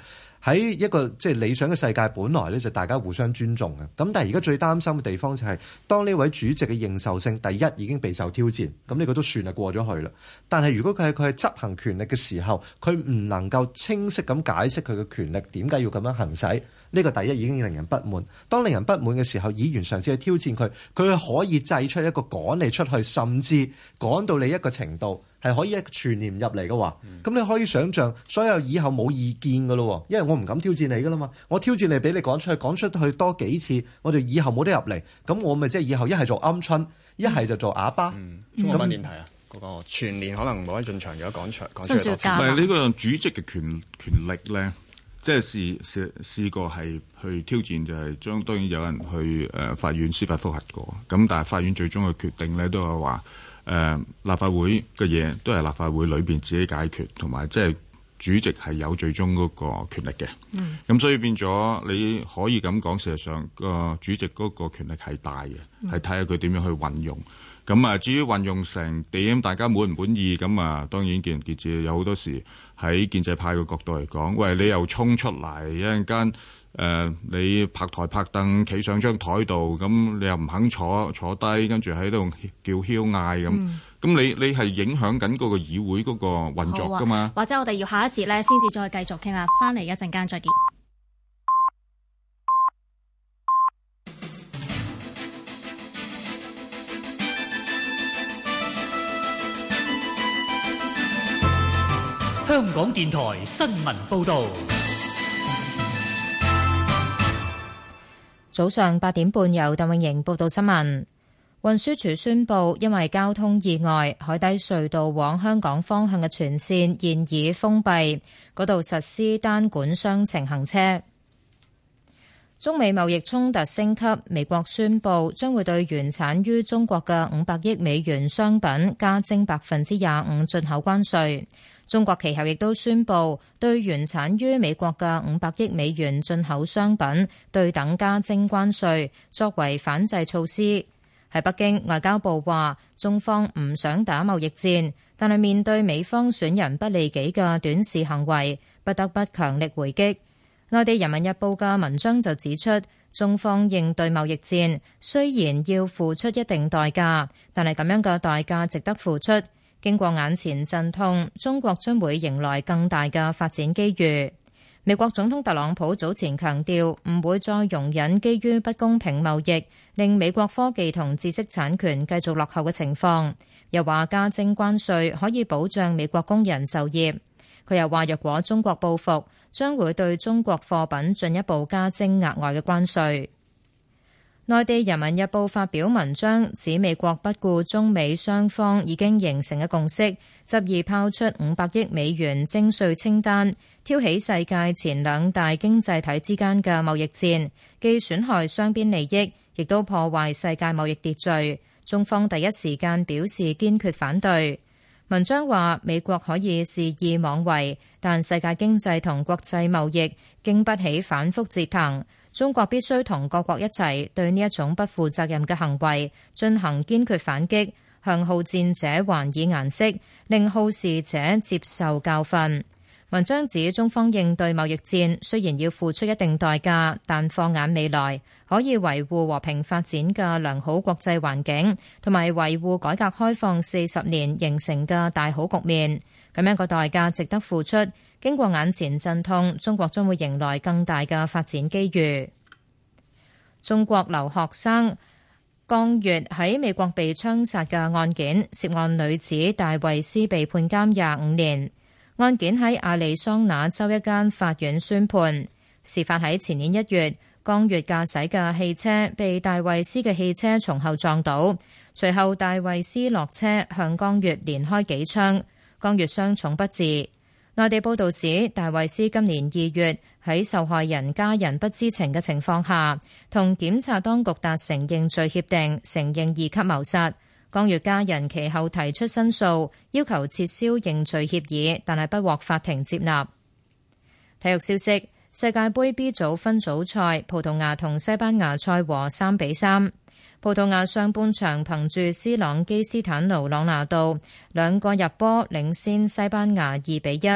喺一個即係理想嘅世界，本來呢就大家互相尊重嘅。咁但係而家最擔心嘅地方就係、是，當呢位主席嘅認受性第一已經備受挑戰。咁呢個都算係，過咗去啦。但係如果佢係佢係執行權力嘅時候，佢唔能夠清晰咁解釋佢嘅權力點解要咁樣行使，呢、這個第一已經令人不滿。當令人不滿嘅時候，議員嘗試去挑戰佢，佢可以製出一個趕你出去，甚至趕到你一個程度。係可以一全年入嚟嘅話，咁你可以想象，所有以後冇意見嘅咯，因為我唔敢挑戰你嘅啦嘛。我挑戰你，俾你講出去，講出去多幾次，我就以後冇得入嚟。咁我咪即係以後一係做鵪鶉，一係就做啞巴。咁點睇啊？個全年可能冇得進場嘅廣場，唔係呢個主席嘅權權力咧，即係試試試過係去挑戰，就係、是、將當然有人去誒法院司法覆核過，咁但係法院最終嘅決定咧都係話。誒、呃、立法會嘅嘢都係立法會裏邊自己解決，同埋即係主席係有最終嗰個權力嘅。嗯，咁所以變咗你可以咁講，事實上個主席嗰個權力係大嘅，係睇下佢點樣去運用。咁啊，至於運用成點，大家滿唔滿意？咁啊，當然見仁見智，有好多時。喺建制派嘅角度嚟講，喂，你又衝出嚟，一陣間誒你拍台拍凳，企上張台度，咁你又唔肯坐坐低，跟住喺度叫囂嗌咁，咁、嗯、你你係影響緊嗰個議會嗰個運作㗎嘛、啊？或者我哋要下一節咧，先至再繼續傾啦。翻嚟一陣間再見。香港電台新聞報道，早上八點半由鄧永瑩報道新聞。運輸署宣布，因為交通意外，海底隧道往香港方向嘅全綫現已封閉，嗰度實施單管雙程行車。中美貿易衝突升級，美國宣布將會對原產於中國嘅五百億美元商品加徵百分之廿五進口關稅。中國其後亦都宣布對原產於美國嘅五百億美元進口商品對等加徵關稅，作為反制措施。喺北京，外交部話，中方唔想打貿易戰，但係面對美方損人不利己嘅短視行為，不得不強力回擊。內地《人民日報》嘅文章就指出，中方應對貿易戰雖然要付出一定代價，但係咁樣嘅代價值得付出。經過眼前陣痛，中國將會迎來更大嘅發展機遇。美國總統特朗普早前強調唔會再容忍基於不公平貿易，令美國科技同知識產權繼續落後嘅情況，又話加徵關稅可以保障美國工人就業。佢又話，若果中國報復，將會對中國貨品進一步加徵額外嘅關稅。內地《人民日報》發表文章，指美國不顧中美雙方已經形成嘅共識，執意拋出五百億美元徵稅清單，挑起世界前兩大經濟體之間嘅貿易戰，既損害雙邊利益，亦都破壞世界貿易秩序。中方第一時間表示堅決反對。文章話，美國可以肆意妄為，但世界經濟同國際貿易經不起反覆折騰。中國必須同各國一齊對呢一種不負責任嘅行為進行堅決反擊，向好戰者還以顏色，令好事者接受教訓。文章指，中方應對貿易戰雖然要付出一定代價，但放眼未來，可以維護和平發展嘅良好國際環境，同埋維護改革開放四十年形成嘅大好局面。咁樣個代價值得付出。經過眼前陣痛，中國將會迎來更大嘅發展機遇。中國留學生江月喺美國被槍殺嘅案件，涉案女子戴維斯被判監廿五年。案件喺亞利桑那州一間法院宣判。事發喺前年一月，江月駕駛嘅汽車被戴維斯嘅汽車從後撞倒，隨後戴維斯落車向江月連開幾槍，江月傷重不治。內地報道指，大衛斯今年二月喺受害人家人不知情嘅情況下，同檢察當局達成認罪協定，承認二級謀殺。江月家人其後提出申訴，要求撤銷認罪協議，但係不獲法庭接納。體育消息：世界盃 B 組分組賽，葡萄牙同西班牙賽和三比三。葡萄牙上半場憑住斯朗基斯坦奴朗拿度兩個入波領先西班牙二比一。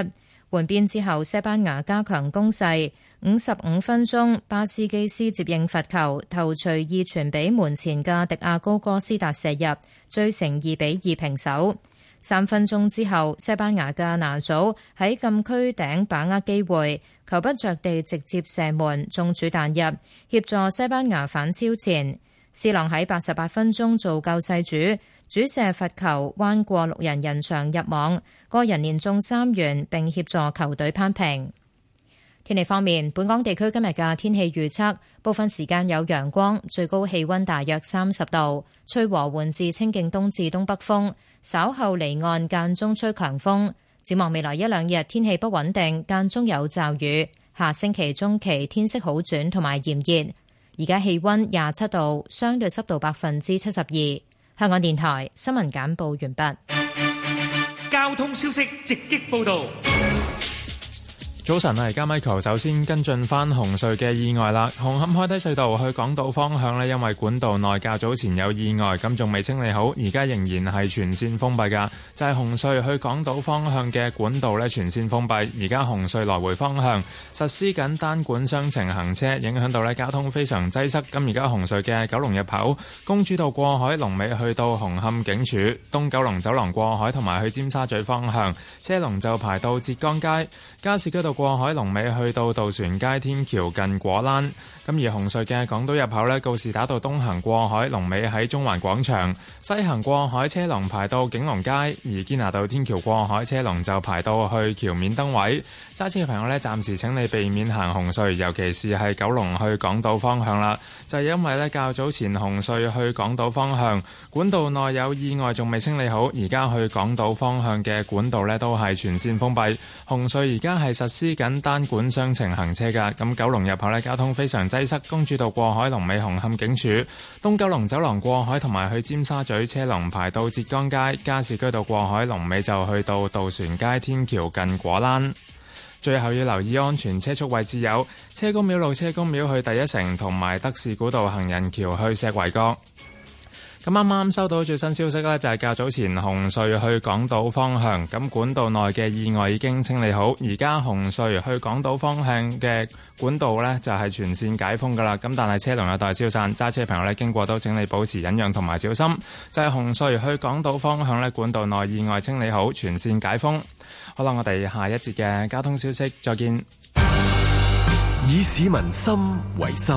換邊之後，西班牙加強攻勢。五十五分鐘，巴斯基斯接應罰球頭槌二傳俾門前嘅迪亞高哥斯達射入，追成二比二平手。三分鐘之後，西班牙嘅拿祖喺禁區頂把握機會，球不着地直接射門，中柱彈入，協助西班牙反超前。斯朗喺八十八分鐘做救世主，主射罰球彎過六人人牆入網，個人連中三元並協助球隊攀平。天氣方面，本港地區今日嘅天氣預測部分時間有陽光，最高氣温大約三十度，吹和緩至清勁東至東北風。稍後離岸間中吹強風。展望未來一兩日天氣不穩定，間中有驟雨。下星期中期天色好轉，同埋炎熱。而家氣溫廿七度，相對濕度百分之七十二。香港電台新聞簡報完畢。交通消息直擊報導。早晨啊，而家 Michael 首先跟進翻紅隧嘅意外啦。紅磡海底隧道去港島方向咧，因為管道內較早前有意外，咁仲未清理好，而家仍然係全線封閉噶。就係紅隧去港島方向嘅管道咧，全線封閉。而家紅隧來回方向實施緊單管雙程行車，影響到咧，交通非常擠塞。咁而家紅隧嘅九龍入口、公主道過海、龍尾去到紅磡警署、東九龍走廊過海同埋去尖沙咀方向，車龍就排到浙江街、加士居道。過海龍尾去到渡船街天橋近果欄。咁而紅隧嘅港島入口咧，告士打道東行過海龍尾喺中環廣場，西行過海車龍排到景隆街；而堅拿道天橋過海車龍就排到去橋面燈位。揸車嘅朋友咧，暫時請你避免行紅隧，尤其是係九龍去港島方向啦。就係因為咧較早前紅隧去港島方向管道內有意外仲未清理好，而家去港島方向嘅管道咧都係全線封閉，紅隧而家係實施緊單管雙程行車噶，咁九龍入口咧交通非常擠。西沙公主道過海龍尾紅磡警署，東九龍走廊過海同埋去尖沙咀車龍排到浙江街，加士居道過海龍尾就去到渡船街天橋近果欄。最後要留意安全車速位置有車公廟路、車公廟去第一城同埋德士古道行人橋去石圍角。咁啱啱收到最新消息咧，就係較早前紅隧去港島方向，咁管道內嘅意外已經清理好，而家紅隧去港島方向嘅管道咧就係全線解封噶啦。咁但係車龍有待消散，揸車朋友咧經過都請你保持忍讓同埋小心。就係紅隧去港島方向咧，管道內意外清理好，全線解封。好啦，我哋下一節嘅交通消息再見。以市民心為心。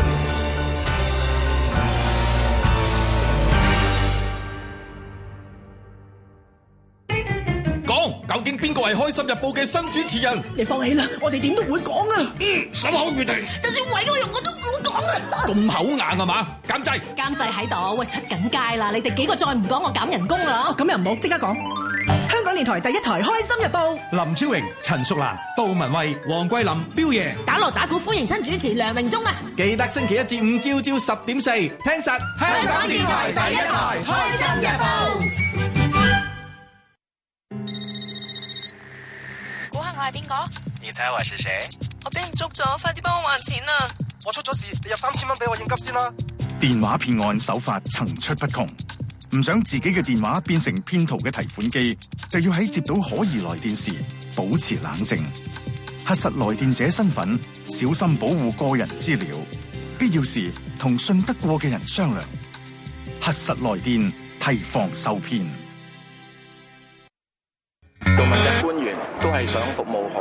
邊個係開心日報嘅新主持人？你放棄啦，我哋點都會講啦。嗯，心口約定，就算毀個容我都唔會講啦。咁口硬係嘛？監製，監製喺度喂，出緊街啦！你哋幾個再唔講我減人工啦。咁又唔好即刻講。香港電台第一台開心日報，林超榮、陳淑蘭、杜文蔚、黃桂林、彪爺，打鑼打鼓歡迎新主持梁榮忠啊！記得星期一至五朝朝十點四聽實。香港電台第一台開心日報。係邊個？而且係誰誰？我俾人捉咗，快啲幫我還錢啊！我出咗事，你入三千蚊俾我應急先啦。電話騙案手法層出不窮，唔想自己嘅電話變成騙徒嘅提款機，就要喺接到可疑來電時保持冷靜，核實來電者身份，小心保護個人資料，必要時同信得過嘅人商量，核實來電，提防受騙。做問責官員都係想服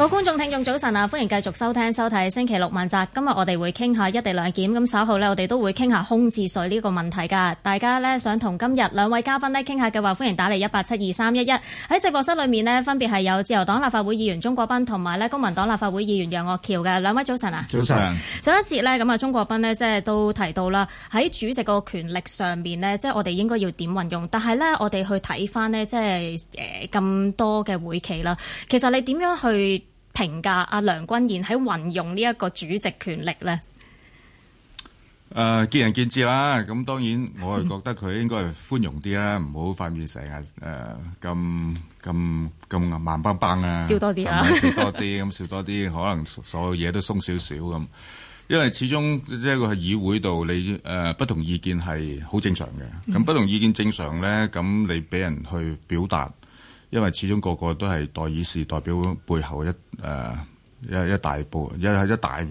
各位觀眾、聽眾，早晨啊！歡迎繼續收聽、收睇星期六問責。今日我哋會傾下一地兩檢，咁稍後呢，我哋都會傾下空置稅呢個問題㗎。大家呢，想同今日兩位嘉賓呢傾下嘅話，歡迎打嚟一八七二三一一。喺直播室裏面呢，分別係有自由黨立法會議員鍾國斌同埋呢公民黨立法會議員楊岳橋嘅兩位。早晨啊！早晨。早晨，上一節呢，咁啊，鍾國斌呢，即係都提到啦，喺主席個權力上面呢，即係我哋應該要點運用。但係呢，我哋去睇返呢，即係誒咁多嘅會期啦，其實你點樣去評價阿梁君彥喺運用呢一個主席權力咧？誒、呃，見仁見智啦。咁當然，我係覺得佢應該係寬容啲啦，唔好、嗯、發面成日誒，咁咁咁慢邦邦啊，啊！笑多啲啊，笑多啲咁笑多啲，可能所有嘢都鬆少少咁。因為始終即係個係議會度，你誒、呃、不同意見係好正常嘅。咁、嗯、不同意見正常咧，咁你俾人去表達。因為始終個個都係代議士，代表背後一誒、呃、一一大部一一大誒、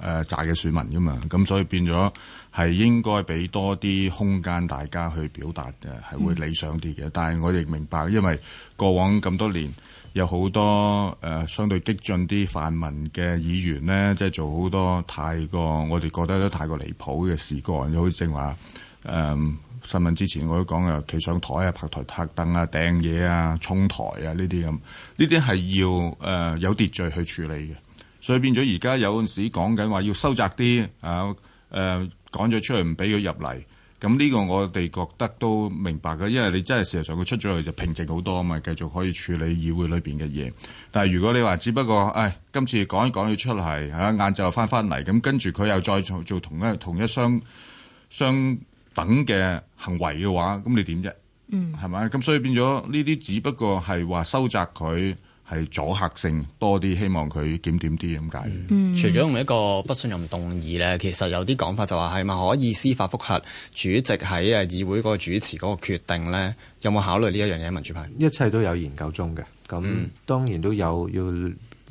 呃、大嘅選民噶嘛，咁所以變咗係應該俾多啲空間大家去表達嘅，係會理想啲嘅。但係我哋明白，因為過往咁多年有好多誒、呃、相對激進啲泛民嘅議員咧，即、就、係、是、做好多太過我哋覺得都太過離譜嘅事幹，好似正話誒。呃新聞之前我都講啊，企上台啊，拍台拍凳啊，掟嘢啊，衝台啊，呢啲咁，呢啲係要誒有秩序去處理嘅。所以變咗而家有陣時講緊話要收窄啲啊，誒、呃、趕咗出去唔俾佢入嚟。咁呢個我哋覺得都明白㗎，因為你真係事實上佢出咗嚟就平靜好多啊嘛，繼續可以處理議會裏邊嘅嘢。但係如果你話只不過誒今次講一講要出嚟，啊晏晝又翻翻嚟，咁跟住佢又再做做同一同一雙雙。等嘅行為嘅話，咁你點啫？嗯，係咪？咁所以變咗呢啲，只不過係話收窄佢係阻嚇性多啲，希望佢檢點啲咁解。嗯，除咗用一個不信任動議咧，其實有啲講法就話係咪可以司法覆核主席喺啊議會嗰個主持嗰個決定咧？有冇考慮呢一樣嘢？民主派一切都有研究中嘅，咁當然都有要。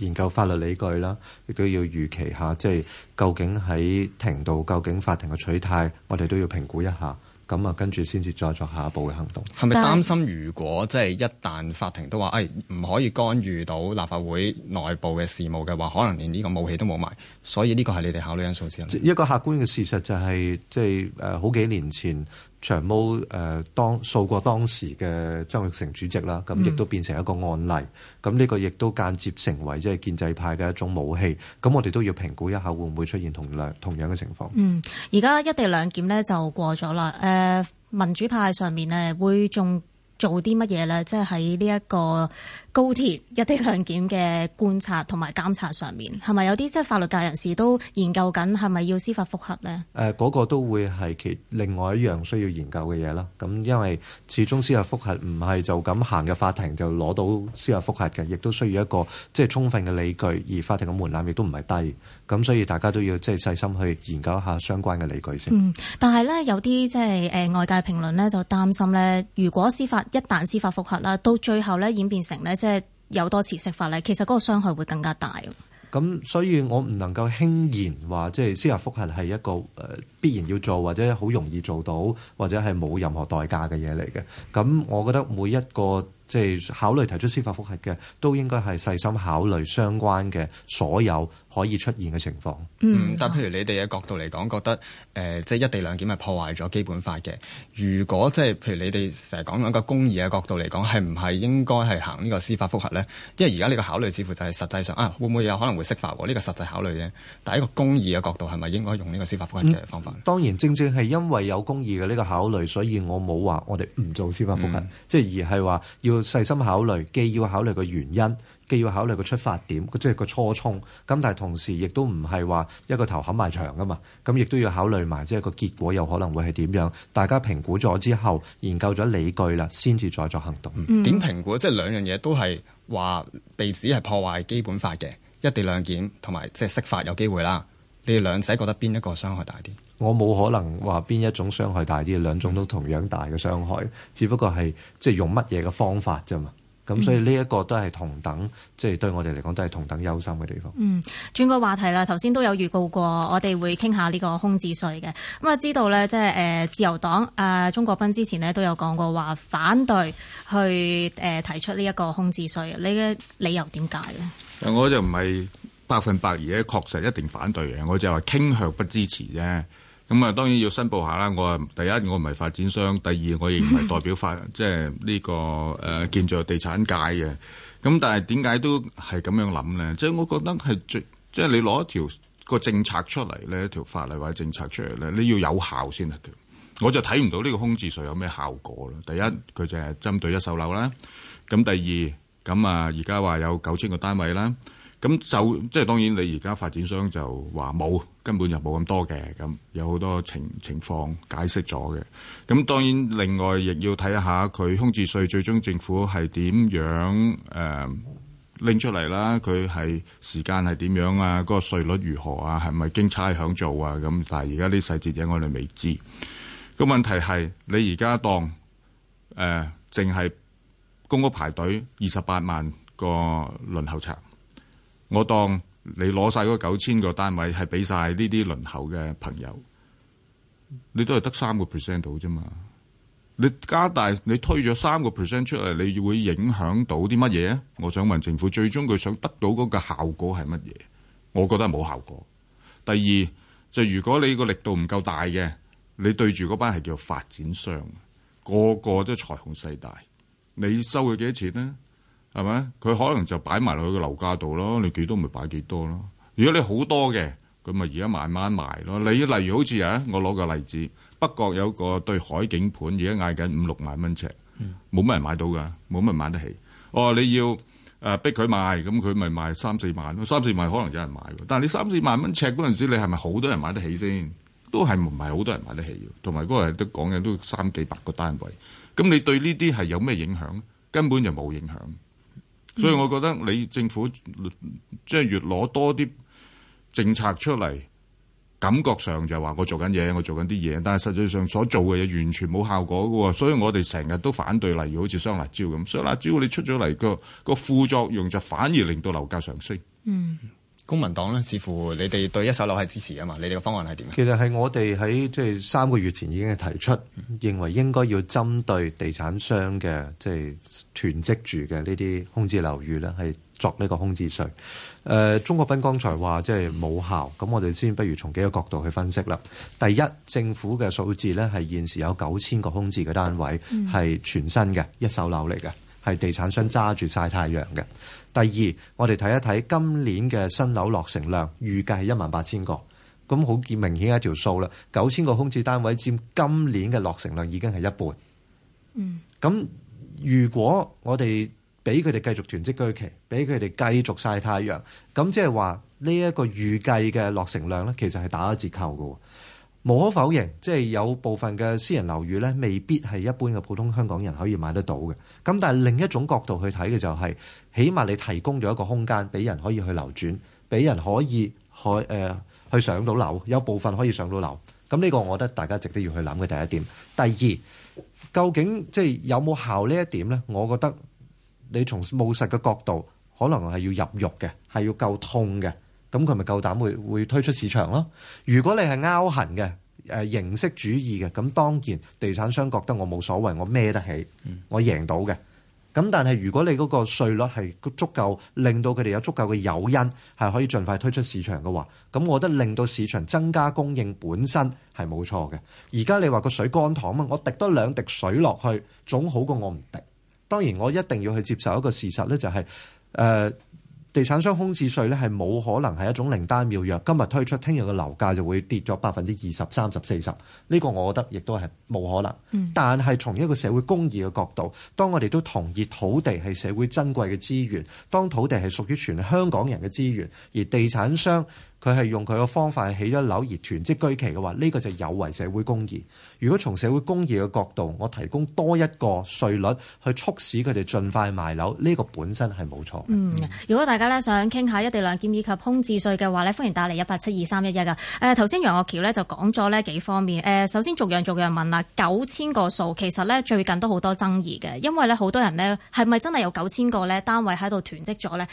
研究法律理據啦，亦都要預期下，即係究竟喺庭度究竟法庭嘅取態，我哋都要評估一下。咁啊，跟住先至再作下一步嘅行動。係咪擔心如果即係一旦法庭都話，誒、哎、唔可以干預到立法會內部嘅事務嘅話，可能連呢個武器都冇埋？所以呢個係你哋考慮因素先？一。一個客觀嘅事實就係，是，即係誒好幾年前。長毛誒當、呃、數過當時嘅曾鈺成主席啦，咁亦都變成一個案例。咁呢、嗯、個亦都間接成為即係建制派嘅一種武器。咁我哋都要評估一下會唔會出現同樣同樣嘅情況。嗯，而家一地兩檢呢就過咗啦。誒、呃、民主派上面咧會仲做啲乜嘢呢？即係喺呢一個。高鐵一地兩檢嘅觀察同埋監察上面，係咪有啲即係法律界人士都研究緊，係咪要司法覆核呢？誒、呃，嗰、那個都會係其另外一樣需要研究嘅嘢啦。咁因為始終司法覆核唔係就咁行嘅法庭就攞到司法覆核嘅，亦都需要一個即係、就是、充分嘅理據，而法庭嘅門檻亦都唔係低。咁所以大家都要即係細心去研究一下相關嘅理據先。嗯，但係呢，有啲即係誒外界評論呢，就擔心呢，如果司法一旦司法覆核啦，到最後呢演變成呢。即係有多次釋法咧，其實嗰個傷害會更加大。咁所以，我唔能夠輕言話，即係司法復核係一個誒、呃、必然要做或者好容易做到或者係冇任何代價嘅嘢嚟嘅。咁我覺得每一個即係考慮提出司法復核嘅，都應該係細心考慮相關嘅所有可以出現嘅情況。嗯，但譬如你哋嘅角度嚟講，覺得誒、呃，即係一地兩檢係破壞咗基本法嘅。如果即係譬如你哋成日講緊個公義嘅角度嚟講，係唔係應該係行呢個司法覆核咧？因為而家呢個考慮似乎就係實際上啊，會唔會有可能會釋法？呢、呢個實際考慮啫。但係一個公義嘅角度係咪應該用呢個司法覆核嘅方法？嗯、當然，正正係因為有公義嘅呢個考慮，所以我冇話我哋唔做司法覆核，即係、嗯、而係話要細心考慮，既要考慮個原因。既要考慮個出發點，即係個初衷。咁但係同時亦都唔係話一個頭冚埋牆噶嘛。咁亦都要考慮埋，即係個結果又可能會係點樣？大家評估咗之後，研究咗理據啦，先至再作行動。點、嗯、評估？即係兩樣嘢都係話被指係破壞基本法嘅一地兩檢，同埋即係釋法有機會啦。你哋兩仔覺得邊一個傷害大啲？我冇可能話邊一種傷害大啲，兩種都同樣大嘅傷害，嗯、只不過係即係用乜嘢嘅方法啫嘛。咁、嗯、所以呢一個都係同等，嗯、即係對我哋嚟講都係同等憂心嘅地方。嗯，轉個話題啦，頭先都有預告過，我哋會傾下呢個空置稅嘅。咁、嗯、啊，我知道咧，即係誒自由黨啊，鍾、呃、國斌之前呢都有講過話反對去誒、呃、提出呢一個空置稅，呢個理由點解咧？我就唔係百分百而係確實一定反對嘅，我就係傾向不支持啫。咁啊，當然要申報下啦。我第一，我唔係發展商；第二，我亦唔係代表發，即係呢個誒建造地產界嘅。咁但係點解都係咁樣諗咧？即係我覺得係最，即係你攞一條一個政策出嚟咧，一條法例或者政策出嚟咧，你要有效先得嘅。我就睇唔到呢個空置稅有咩效果啦。第一，佢就係針對一手樓啦。咁第二，咁啊，而家話有九千個單位啦。咁就即係當然，你而家發展商就話冇，根本就冇咁多嘅。咁有好多情情況解釋咗嘅。咁當然另外亦要睇下佢空置稅最終政府係點樣誒拎，呃、出嚟啦？佢係時間係點樣啊？嗰個稅率如何啊？係咪經差餉做啊？咁但係而家啲細節嘢我哋未知。個問題係你而家當誒淨係公屋排隊二十八萬個輪候冊。我當你攞晒嗰九千個單位係俾晒呢啲輪候嘅朋友，你都係得三個 percent 到啫嘛？你加大你推咗三個 percent 出嚟，你會影響到啲乜嘢啊？我想問政府，最終佢想得到嗰個效果係乜嘢？我覺得冇效果。第二就，如果你個力度唔夠大嘅，你對住嗰班係叫發展商，個個都財雄勢大，你收佢幾多錢呢？係咪？佢可能就擺埋落去個樓價度咯。你幾多咪擺幾多咯。如果你好多嘅咁咪而家慢慢賣咯。你例如好似啊，我攞個例子，北角有個對海景盤，而家嗌緊五六萬蚊尺，冇乜人買到㗎，冇乜人買得起。哦，你要誒逼佢賣，咁佢咪賣三四萬咯。三四萬可能有人買，但係你三四萬蚊尺嗰陣時，你係咪好多人買得起先？都係唔係好多人買得起？同埋嗰個係都講緊都三幾百個單位，咁你對呢啲係有咩影響？根本就冇影響。所以我覺得你政府即係越攞多啲政策出嚟，感覺上就係話我做緊嘢，我做緊啲嘢。但係實際上所做嘅嘢完全冇效果㗎喎，所以我哋成日都反對。例如好似雙辣招咁，雙辣招你出咗嚟，個個副作用就反而令到樓價上升。嗯。公民黨咧，似乎你哋對一手樓係支持啊嘛？你哋個方案係點啊？其實係我哋喺即係三個月前已經係提出，認為應該要針對地產商嘅即係囤積住嘅呢啲空置樓宇咧，係作呢個空置稅。誒、呃，鍾國斌剛才話即係冇效，咁我哋先不如從幾個角度去分析啦。第一，政府嘅數字咧係現時有九千個空置嘅單位係全新嘅一手樓嚟嘅，係地產商揸住曬太陽嘅。第二，我哋睇一睇今年嘅新樓落成量，預計係一萬八千個，咁好見明顯一條數啦。九千個空置單位佔今年嘅落成量已經係一半。嗯，咁如果我哋俾佢哋繼續囤積居奇，俾佢哋繼續曬太陽，咁即係話呢一個預計嘅落成量咧，其實係打咗折扣嘅。無可否認，即係有部分嘅私人樓宇咧，未必係一般嘅普通香港人可以買得到嘅。咁但係另一種角度去睇嘅就係、是，起碼你提供咗一個空間俾人可以去流轉，俾人可以可誒、呃、去上到樓，有部分可以上到樓。咁、這、呢個我覺得大家值得要去諗嘅第一點。第二，究竟即係有冇效呢一點呢？我覺得你從務實嘅角度，可能係要入肉嘅，係要夠痛嘅。咁佢咪夠膽會會推出市場咯？如果你係拗痕嘅。誒形式主義嘅，咁，當然地產商覺得我冇所謂，我孭得起，我贏到嘅咁。但係如果你嗰個稅率係足夠，令到佢哋有足夠嘅誘因，係可以盡快推出市場嘅話，咁我覺得令到市場增加供應本身係冇錯嘅。而家你話個水乾塘嘛，我滴多兩滴水落去總好過我唔滴。當然我一定要去接受一個事實呢，就係、是、誒。呃地產商空置稅呢係冇可能係一種靈丹妙藥，今日推出，聽日嘅樓價就會跌咗百分之二十、三十、四十，呢、呢個我覺得亦都係冇可能。但係從一個社會公義嘅角度，當我哋都同意土地係社會珍貴嘅資源，當土地係屬於全香港人嘅資源，而地產商，佢係用佢個方法起咗樓而囤積居奇嘅話，呢、這個就有違社會公義。如果從社會公義嘅角度，我提供多一個稅率去促使佢哋盡快賣樓，呢、這個本身係冇錯。嗯，如果大家呢想傾下一地兩檢以及空置稅嘅話呢，歡迎打嚟一八七二三一一㗎。誒頭先楊岳橋呢就講咗呢幾方面。誒、呃、首先逐樣逐樣問啦，九千個數其實呢，最近都好多爭議嘅，因為呢，好多人呢係咪真係有九千個呢單位喺度囤積咗呢？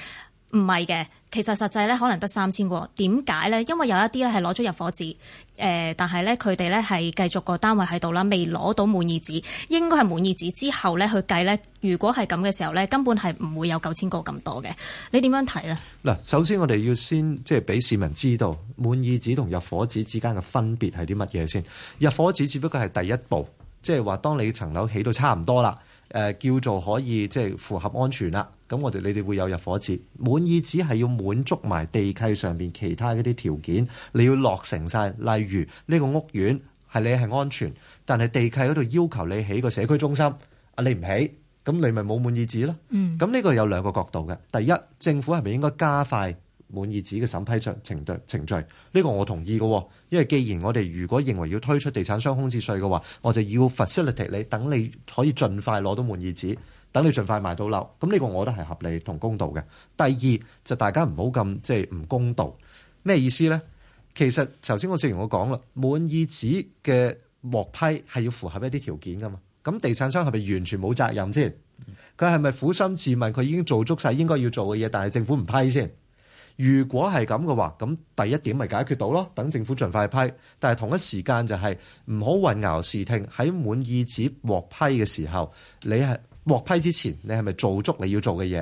唔係嘅，其實實際咧可能得三千個。點解咧？因為有一啲咧係攞咗入伙紙，誒、呃，但係咧佢哋咧係繼續個單位喺度啦，未攞到滿意紙，應該係滿意紙之後咧去計咧。如果係咁嘅時候咧，根本係唔會有九千個咁多嘅。你點樣睇咧？嗱，首先我哋要先即係俾市民知道滿意紙同入伙紙之間嘅分別係啲乜嘢先。入伙紙只不過係第一步，即係話當你層樓起到差唔多啦。誒、呃、叫做可以即係符合安全啦、啊，咁我哋你哋會有入伙紙滿意紙，係要滿足埋地契上邊其他嗰啲條件，你要落成晒，例如呢個屋苑係你係安全，但係地契嗰度要求你起個社區中心，啊，你唔起，咁你咪冇滿意紙咯。嗯，咁呢個有兩個角度嘅，第一政府係咪應該加快？滿意紙嘅審批程序程序，呢、這個我同意嘅，因為既然我哋如果認為要推出地產商空置稅嘅話，我就要 facilitate 你，等你可以盡快攞到滿意紙，等你盡快賣到樓。咁、這、呢個我都係合理同公道嘅。第二就大家唔好咁，即係唔公道，咩意思呢？其實頭先我正如我講啦，滿意紙嘅獲批係要符合一啲條件噶嘛。咁地產商係咪完全冇責任先？佢係咪苦心自問佢已經做足晒應該要做嘅嘢，但係政府唔批先？如果係咁嘅話，咁第一點咪解決到咯。等政府盡快批，但係同一時間就係唔好混淆視聽。喺滿意紙獲批嘅時候，你係獲批之前，你係咪做足你要做嘅嘢？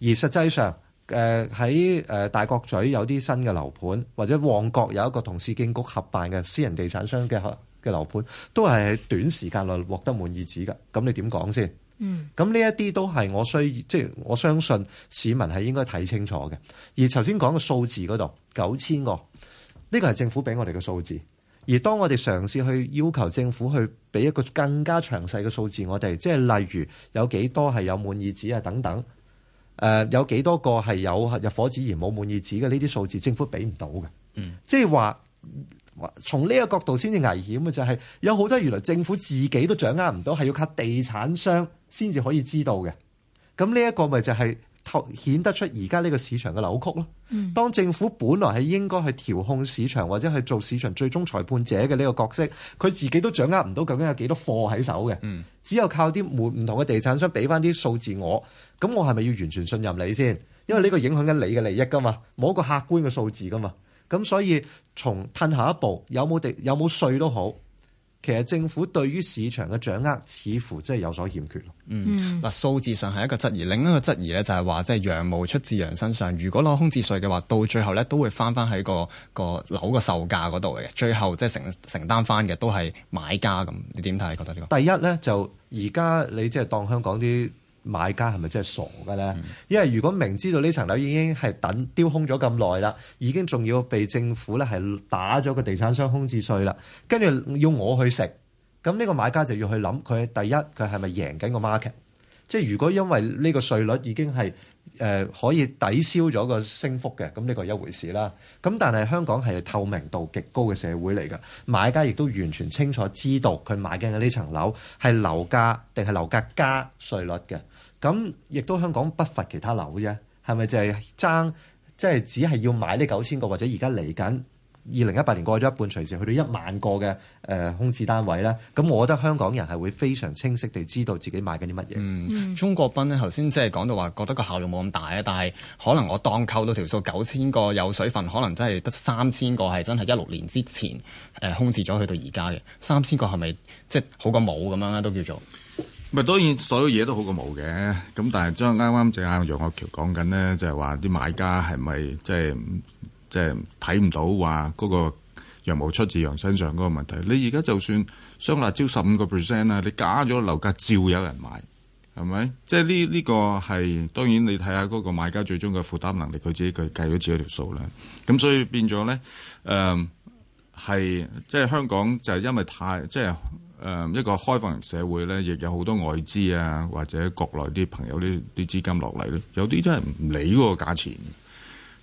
而實際上，誒喺誒大角咀有啲新嘅樓盤，或者旺角有一個同市建局合辦嘅私人地產商嘅嘅樓盤，都係喺短時間內獲得滿意紙㗎。咁你點講先？嗯，咁呢一啲都係我需，即係我相信市民係應該睇清楚嘅。而頭先講嘅數字嗰度九千個，呢個係政府俾我哋嘅數字。而當我哋嘗試去要求政府去俾一個更加詳細嘅數字我，我哋即係例如有幾多係有滿意紙啊，等等，誒、呃、有幾多個係有入伙紙而冇滿意紙嘅呢啲數字，政府俾唔到嘅。嗯，即係話。從呢個角度先至危險嘅就係有好多原來政府自己都掌握唔到，係要靠地產商先至可以知道嘅。咁呢一個咪就係凸顯得出而家呢個市場嘅扭曲咯。嗯、當政府本來係應該去調控市場或者去做市場最終裁判者嘅呢個角色，佢自己都掌握唔到究竟有幾多貨喺手嘅。嗯、只有靠啲唔同嘅地產商俾翻啲數字我，咁我係咪要完全信任你先？因為呢個影響緊你嘅利益㗎嘛，冇一個客觀嘅數字㗎嘛。咁所以從褪下一步有冇地有冇稅都好，其實政府對於市場嘅掌握似乎即係有所欠缺咯。嗯，嗱、嗯，數字上係一個質疑，另一個質疑咧就係話即係羊毛出自羊身上。如果攞空置稅嘅話，到最後咧都會翻翻喺個個樓嘅售價嗰度嚟嘅，最後即係承承擔翻嘅都係買家咁。你點睇？覺得呢、呢個第一咧就而家你即係當香港啲。買家係咪真係傻嘅咧？嗯、因為如果明知道呢層樓已經係等丟空咗咁耐啦，已經仲要被政府咧係打咗個地產商空置稅啦，跟住要我去食，咁呢個買家就要去諗，佢第一佢係咪贏緊個 market？即係如果因為呢個稅率已經係誒、呃、可以抵消咗個升幅嘅，咁呢個係一回事啦。咁但係香港係透明度極高嘅社會嚟㗎，買家亦都完全清楚知道佢買緊嘅呢層樓係樓價定係樓價加稅率嘅。咁亦都香港不乏其他樓啫，係咪就係爭？即係只係要買呢九千個，或者而家嚟緊二零一八年過咗一半，隨時去到一萬個嘅誒、呃、空置單位咧。咁我覺得香港人係會非常清晰地知道自己買緊啲乜嘢。嗯，鍾國斌咧頭先即係講到話覺得個效用冇咁大啊，但係可能我當扣到條數九千個有水分，可能真係得三千個係真係一六年之前誒、呃、空置咗去到而家嘅三千個是是，係咪即係好過冇咁樣都叫做？咪當然所有嘢都好過冇嘅，咁但係將啱啱正啱，楊岳橋講緊咧，就係話啲買家係咪即係即係睇唔到話嗰個羊毛出自羊身上嗰個問題？你而家就算雙辣招十五個 percent 啊，你加咗樓價，照有人買，係咪？即係呢呢個係當然你睇下嗰個買家最終嘅負擔能力，佢自己佢計咗自己條數啦。咁所以變咗咧，誒係即係香港就係因為太即係。就是誒一個開放型社會咧，亦有好多外資啊，或者國內啲朋友啲啲資金落嚟咧，有啲真係唔理嗰個價錢。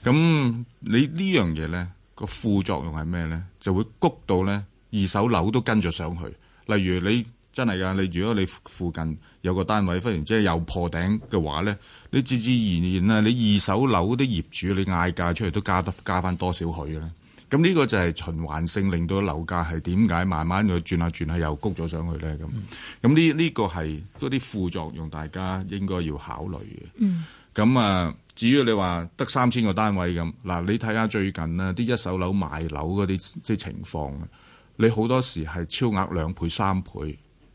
咁你呢樣嘢咧，個副作用係咩咧？就會谷到咧，二手樓都跟咗上去。例如你真係㗎，你如果你附近有個單位忽然之間又破頂嘅話咧，你自自然然啊，你二手樓啲業主你嗌價出嚟都加多加翻多少許咧？咁呢個就係循環性，令到樓價係點解慢慢去轉下轉下又谷咗上去咧？咁咁呢呢個係嗰啲副作用，大家應該要考慮嘅。咁啊、嗯嗯，至於你話得三千個單位咁嗱，你睇下最近啊，啲一手樓賣樓嗰啲啲情況，你好多時係超額兩倍、三倍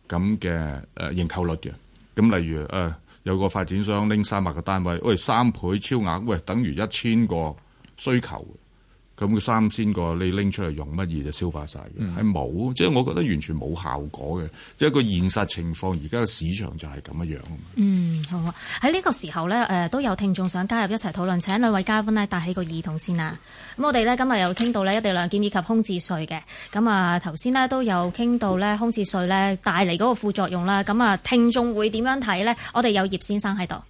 咁嘅誒認購率嘅。咁例如誒、呃、有個發展商拎三百個單位，喂三倍超額，喂等於一千個需求。咁三千個你拎出嚟用乜嘢就消化晒，嘅，係冇，即係我覺得完全冇效果嘅，即係個現實情況，而家個市場就係咁一樣。嗯，好啊，喺呢個時候咧，誒、呃、都有聽眾想加入一齊討論，請兩位嘉賓咧帶起個耳筒先啦。咁、嗯呃、我哋咧今日又傾到呢一地兩檢以及空置稅嘅。咁啊頭先呢都有傾到咧空置稅咧帶嚟嗰個副作用啦。咁啊聽眾會點樣睇咧？我哋有葉先生喺度。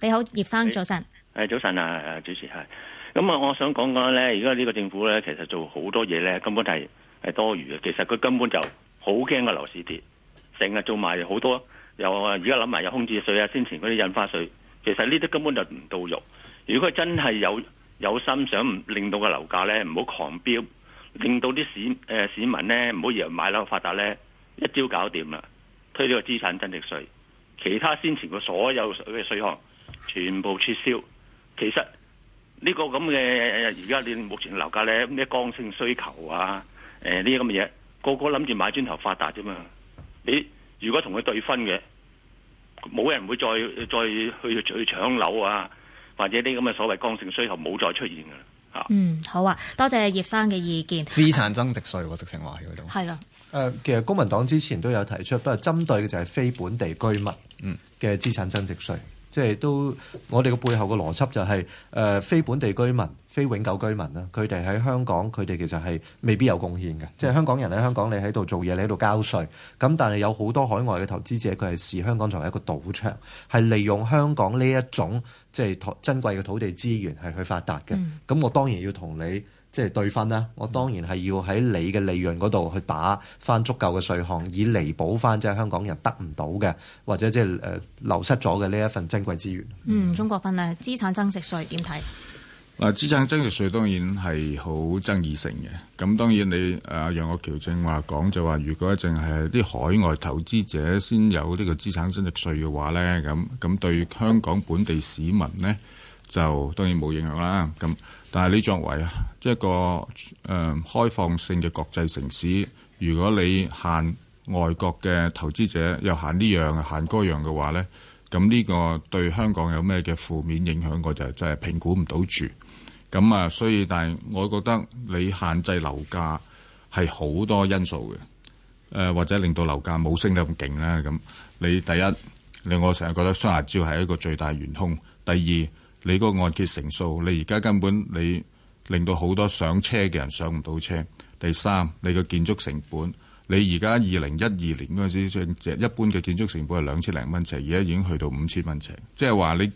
你好，葉生，早晨。誒、欸、早晨啊，主持係。咁啊！我想講講咧，而家呢個政府咧，其實做好多嘢咧，根本係係多餘嘅。其實佢根本就好驚個樓市跌，成日做埋好多又而家諗埋有空置稅啊，先前嗰啲印花稅，其實呢啲根本就唔到肉。如果佢真係有有心想令到個樓價咧唔好狂飆，令到啲市誒、呃、市民咧唔好以為買樓發達咧，一朝搞掂啦！推呢個資產增值稅，其他先前嘅所有嘅稅項全部撤銷。其實。呢個咁嘅而家你目前樓價咧，咩剛性需求啊？誒，呢啲咁嘅嘢，個個諗住買磚頭發達啫嘛。你如果同佢對分嘅，冇人會再再去去搶樓啊，或者啲咁嘅所謂剛性需求冇再出現㗎啦。嗯，好啊，多謝葉生嘅意見。資產增值稅，啊，直情話喺度。係咯的。誒，呃，其實公民黨之前都有提出，不過針對嘅就係非本地居民嘅資產增值稅。即係都，我哋個背後個邏輯就係、是，誒、呃，非本地居民、非永久居民啦，佢哋喺香港，佢哋其實係未必有貢獻嘅。即係香港人喺香港，你喺度做嘢，你喺度交稅，咁但係有好多海外嘅投資者，佢係視香港作為一個賭場，係利用香港呢一種即係珍貴嘅土地資源係去發達嘅。咁、嗯、我當然要同你。即係對分啦，我當然係要喺你嘅利潤嗰度去打翻足夠嘅稅項，以彌補翻即係香港人得唔到嘅，或者即係誒、呃、流失咗嘅呢一份珍貴資源。嗯，鍾國斌啊，資產增值稅點睇？啊，資產增值稅當然係好爭議性嘅。咁當然你啊，楊岳橋正話講就話，如果淨係啲海外投資者先有呢個資產增值稅嘅話咧，咁咁對香港本地市民咧就當然冇影響啦。咁但係你作為一個誒、呃、開放性嘅國際城市，如果你限外國嘅投資者又限呢、這個、樣限嗰樣嘅話呢，咁呢個對香港有咩嘅負面影響，我就真、是、係、就是、評估唔到住。咁啊，所以但係我覺得你限制樓價係好多因素嘅，誒、呃、或者令到樓價冇升得咁勁啦。咁你第一，令我成日覺得雙辣招係一個最大元凶。第二。你個按揭成數，你而家根本你令到好多上車嘅人上唔到車。第三，你個建築成本，你而家二零一二年嗰陣時，一般嘅建築成本係兩千零蚊尺，而家已經去到五千蚊尺，即係話你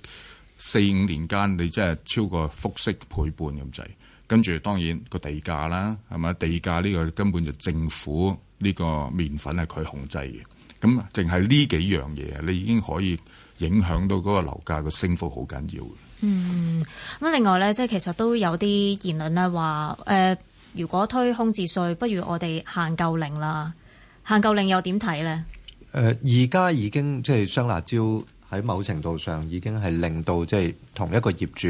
四五年間你即係超過複式倍半咁滯。跟住當然個地價啦，係咪地價呢個根本就政府呢個麵粉係佢控制嘅，咁淨係呢幾樣嘢你已經可以影響到嗰個樓價嘅升幅，好緊要。嗯，咁另外呢，即係其實都有啲言論呢話，誒、呃，如果推空置稅，不如我哋限購令啦。限購令又點睇呢？誒、呃，而家已經即係雙辣招喺某程度上已經係令到即係同一個業主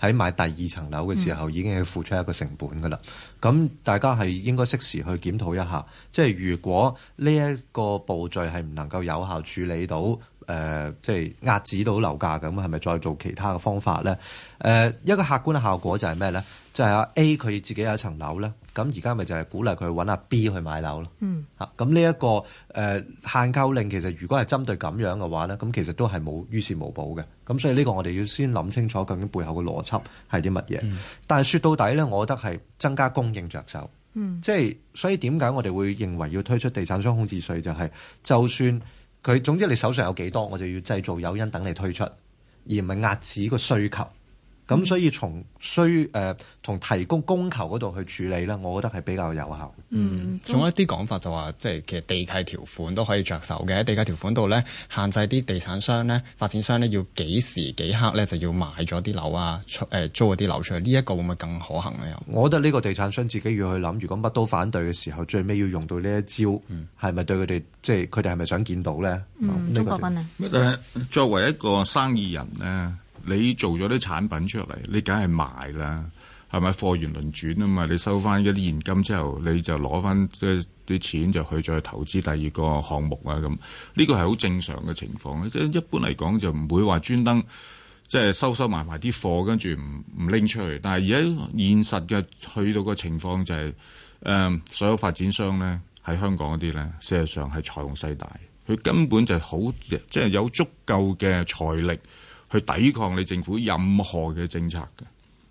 喺買第二層樓嘅時候，已經係付出一個成本噶啦。咁、嗯、大家係應該適時去檢討一下，即係如果呢一個步序係唔能夠有效處理到。誒、呃，即係壓止到樓價咁，係、嗯、咪再做其他嘅方法咧？誒、呃，一個客觀嘅效果就係咩咧？就係、是、A 佢自己有一層樓咧，咁而家咪就係鼓勵佢揾阿 B 去買樓咯。嗯。嚇、啊，咁呢一個誒、呃、限購令其實如果係針對咁樣嘅話咧，咁其實都係冇於事無補嘅。咁所以呢個我哋要先諗清楚究竟背後嘅邏輯係啲乜嘢。嗯、但係說到底咧，我覺得係增加供應着手。嗯。即係所以點解我哋會認為要推出地產商空置稅就係、是、就算。佢總之你手上有幾多，我就要製造誘因等你推出，而唔係遏止個需求。咁、嗯、所以從需誒、呃、從提供供求嗰度去處理啦，我覺得係比較有效。嗯，仲有一啲講法就話、是，即係其實地契條款都可以着手嘅。喺地契條款度咧，限制啲地產商咧，發展商咧，要幾時幾刻咧，就要賣咗啲樓啊，出租嗰啲、呃、樓出去。呢、這、一個會唔會更可行咧？我覺得呢個地產商自己要去諗，如果乜都反對嘅時候，最尾要用到呢一招，係咪、嗯、對佢哋即係佢哋係咪想見到咧？嗯，中國君啊，作為一個生意人咧。你做咗啲產品出嚟，你梗係賣啦，係咪貨源輪轉啊嘛？你收翻一啲現金之後，你就攞翻即係啲錢就去再投資第二個項目啊。咁呢個係好正常嘅情況，即係一般嚟講就唔會話專登即係收收埋埋啲貨，跟住唔唔拎出去。但係而家現實嘅去到個情況就係、是、誒、呃、所有發展商咧喺香港嗰啲咧，事實上係財雄勢大，佢根本就係好即係有足夠嘅財力。去抵抗你政府任何嘅政策嘅，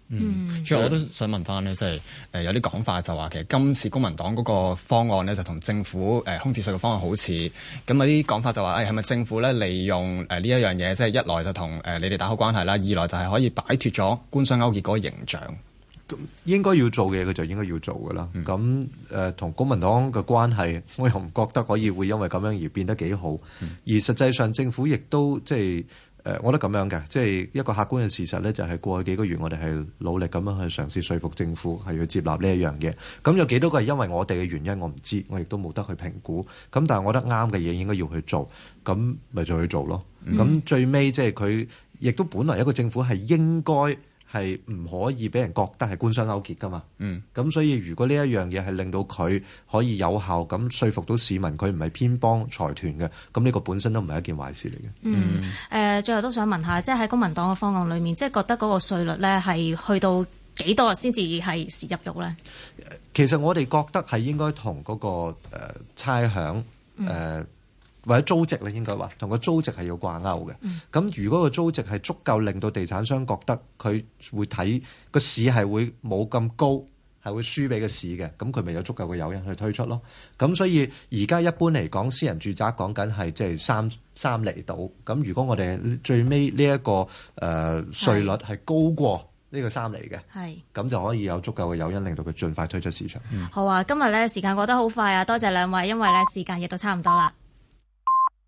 嗯，嗯所以我都想問翻呢即係誒有啲講法就話，其實今次公民黨嗰個方案呢，就同政府誒、呃、空置稅嘅方案好似，咁有啲講法就話，誒係咪政府咧利用誒呢一樣嘢，即係一來就同誒、呃、你哋打好關係啦，二來就係可以擺脫咗官商勾結嗰個形象。咁應該要做嘅嘢，佢就應該要做噶啦。咁誒同公民黨嘅關係，我又唔覺得可以會因為咁樣而變得幾好。而實際上，政府亦都即係。即誒，我覺得咁樣嘅，即係一個客觀嘅事實咧，就係過去幾個月我哋係努力咁樣去嘗試説服政府係要接納呢一樣嘢。咁有幾多個係因為我哋嘅原因我，我唔知，我亦都冇得去評估。咁但係我覺得啱嘅嘢應該要去做，咁咪就去做咯。咁、嗯、最尾即係佢亦都本來一個政府係應該。係唔可以俾人覺得係官商勾結㗎嘛？嗯，咁所以如果呢一樣嘢係令到佢可以有效咁說服到市民，佢唔係偏幫財團嘅，咁呢個本身都唔係一件壞事嚟嘅。嗯，誒、呃，最後都想問下，即係喺公民黨嘅方案裏面，即係覺得嗰個稅率咧係去到幾多先至係蝕入肉咧？其實我哋覺得係應該同嗰、那個誒、呃、差響、呃嗯或者租值咧，應該話同個租值係要掛鈎嘅。咁、嗯、如果個租值係足夠，令到地產商覺得佢會睇個市係會冇咁高，係會輸俾個市嘅，咁佢咪有足夠嘅誘因去推出咯。咁所以而家一般嚟講，私人住宅講緊係即係三三釐到。咁如果我哋最尾呢一個誒、呃、稅率係高過呢個三厘嘅，咁是就可以有足夠嘅誘因，令到佢盡快推出市場。是嗯、好啊，今日咧時間過得好快啊！多謝兩位，因為咧時間亦都差唔多啦。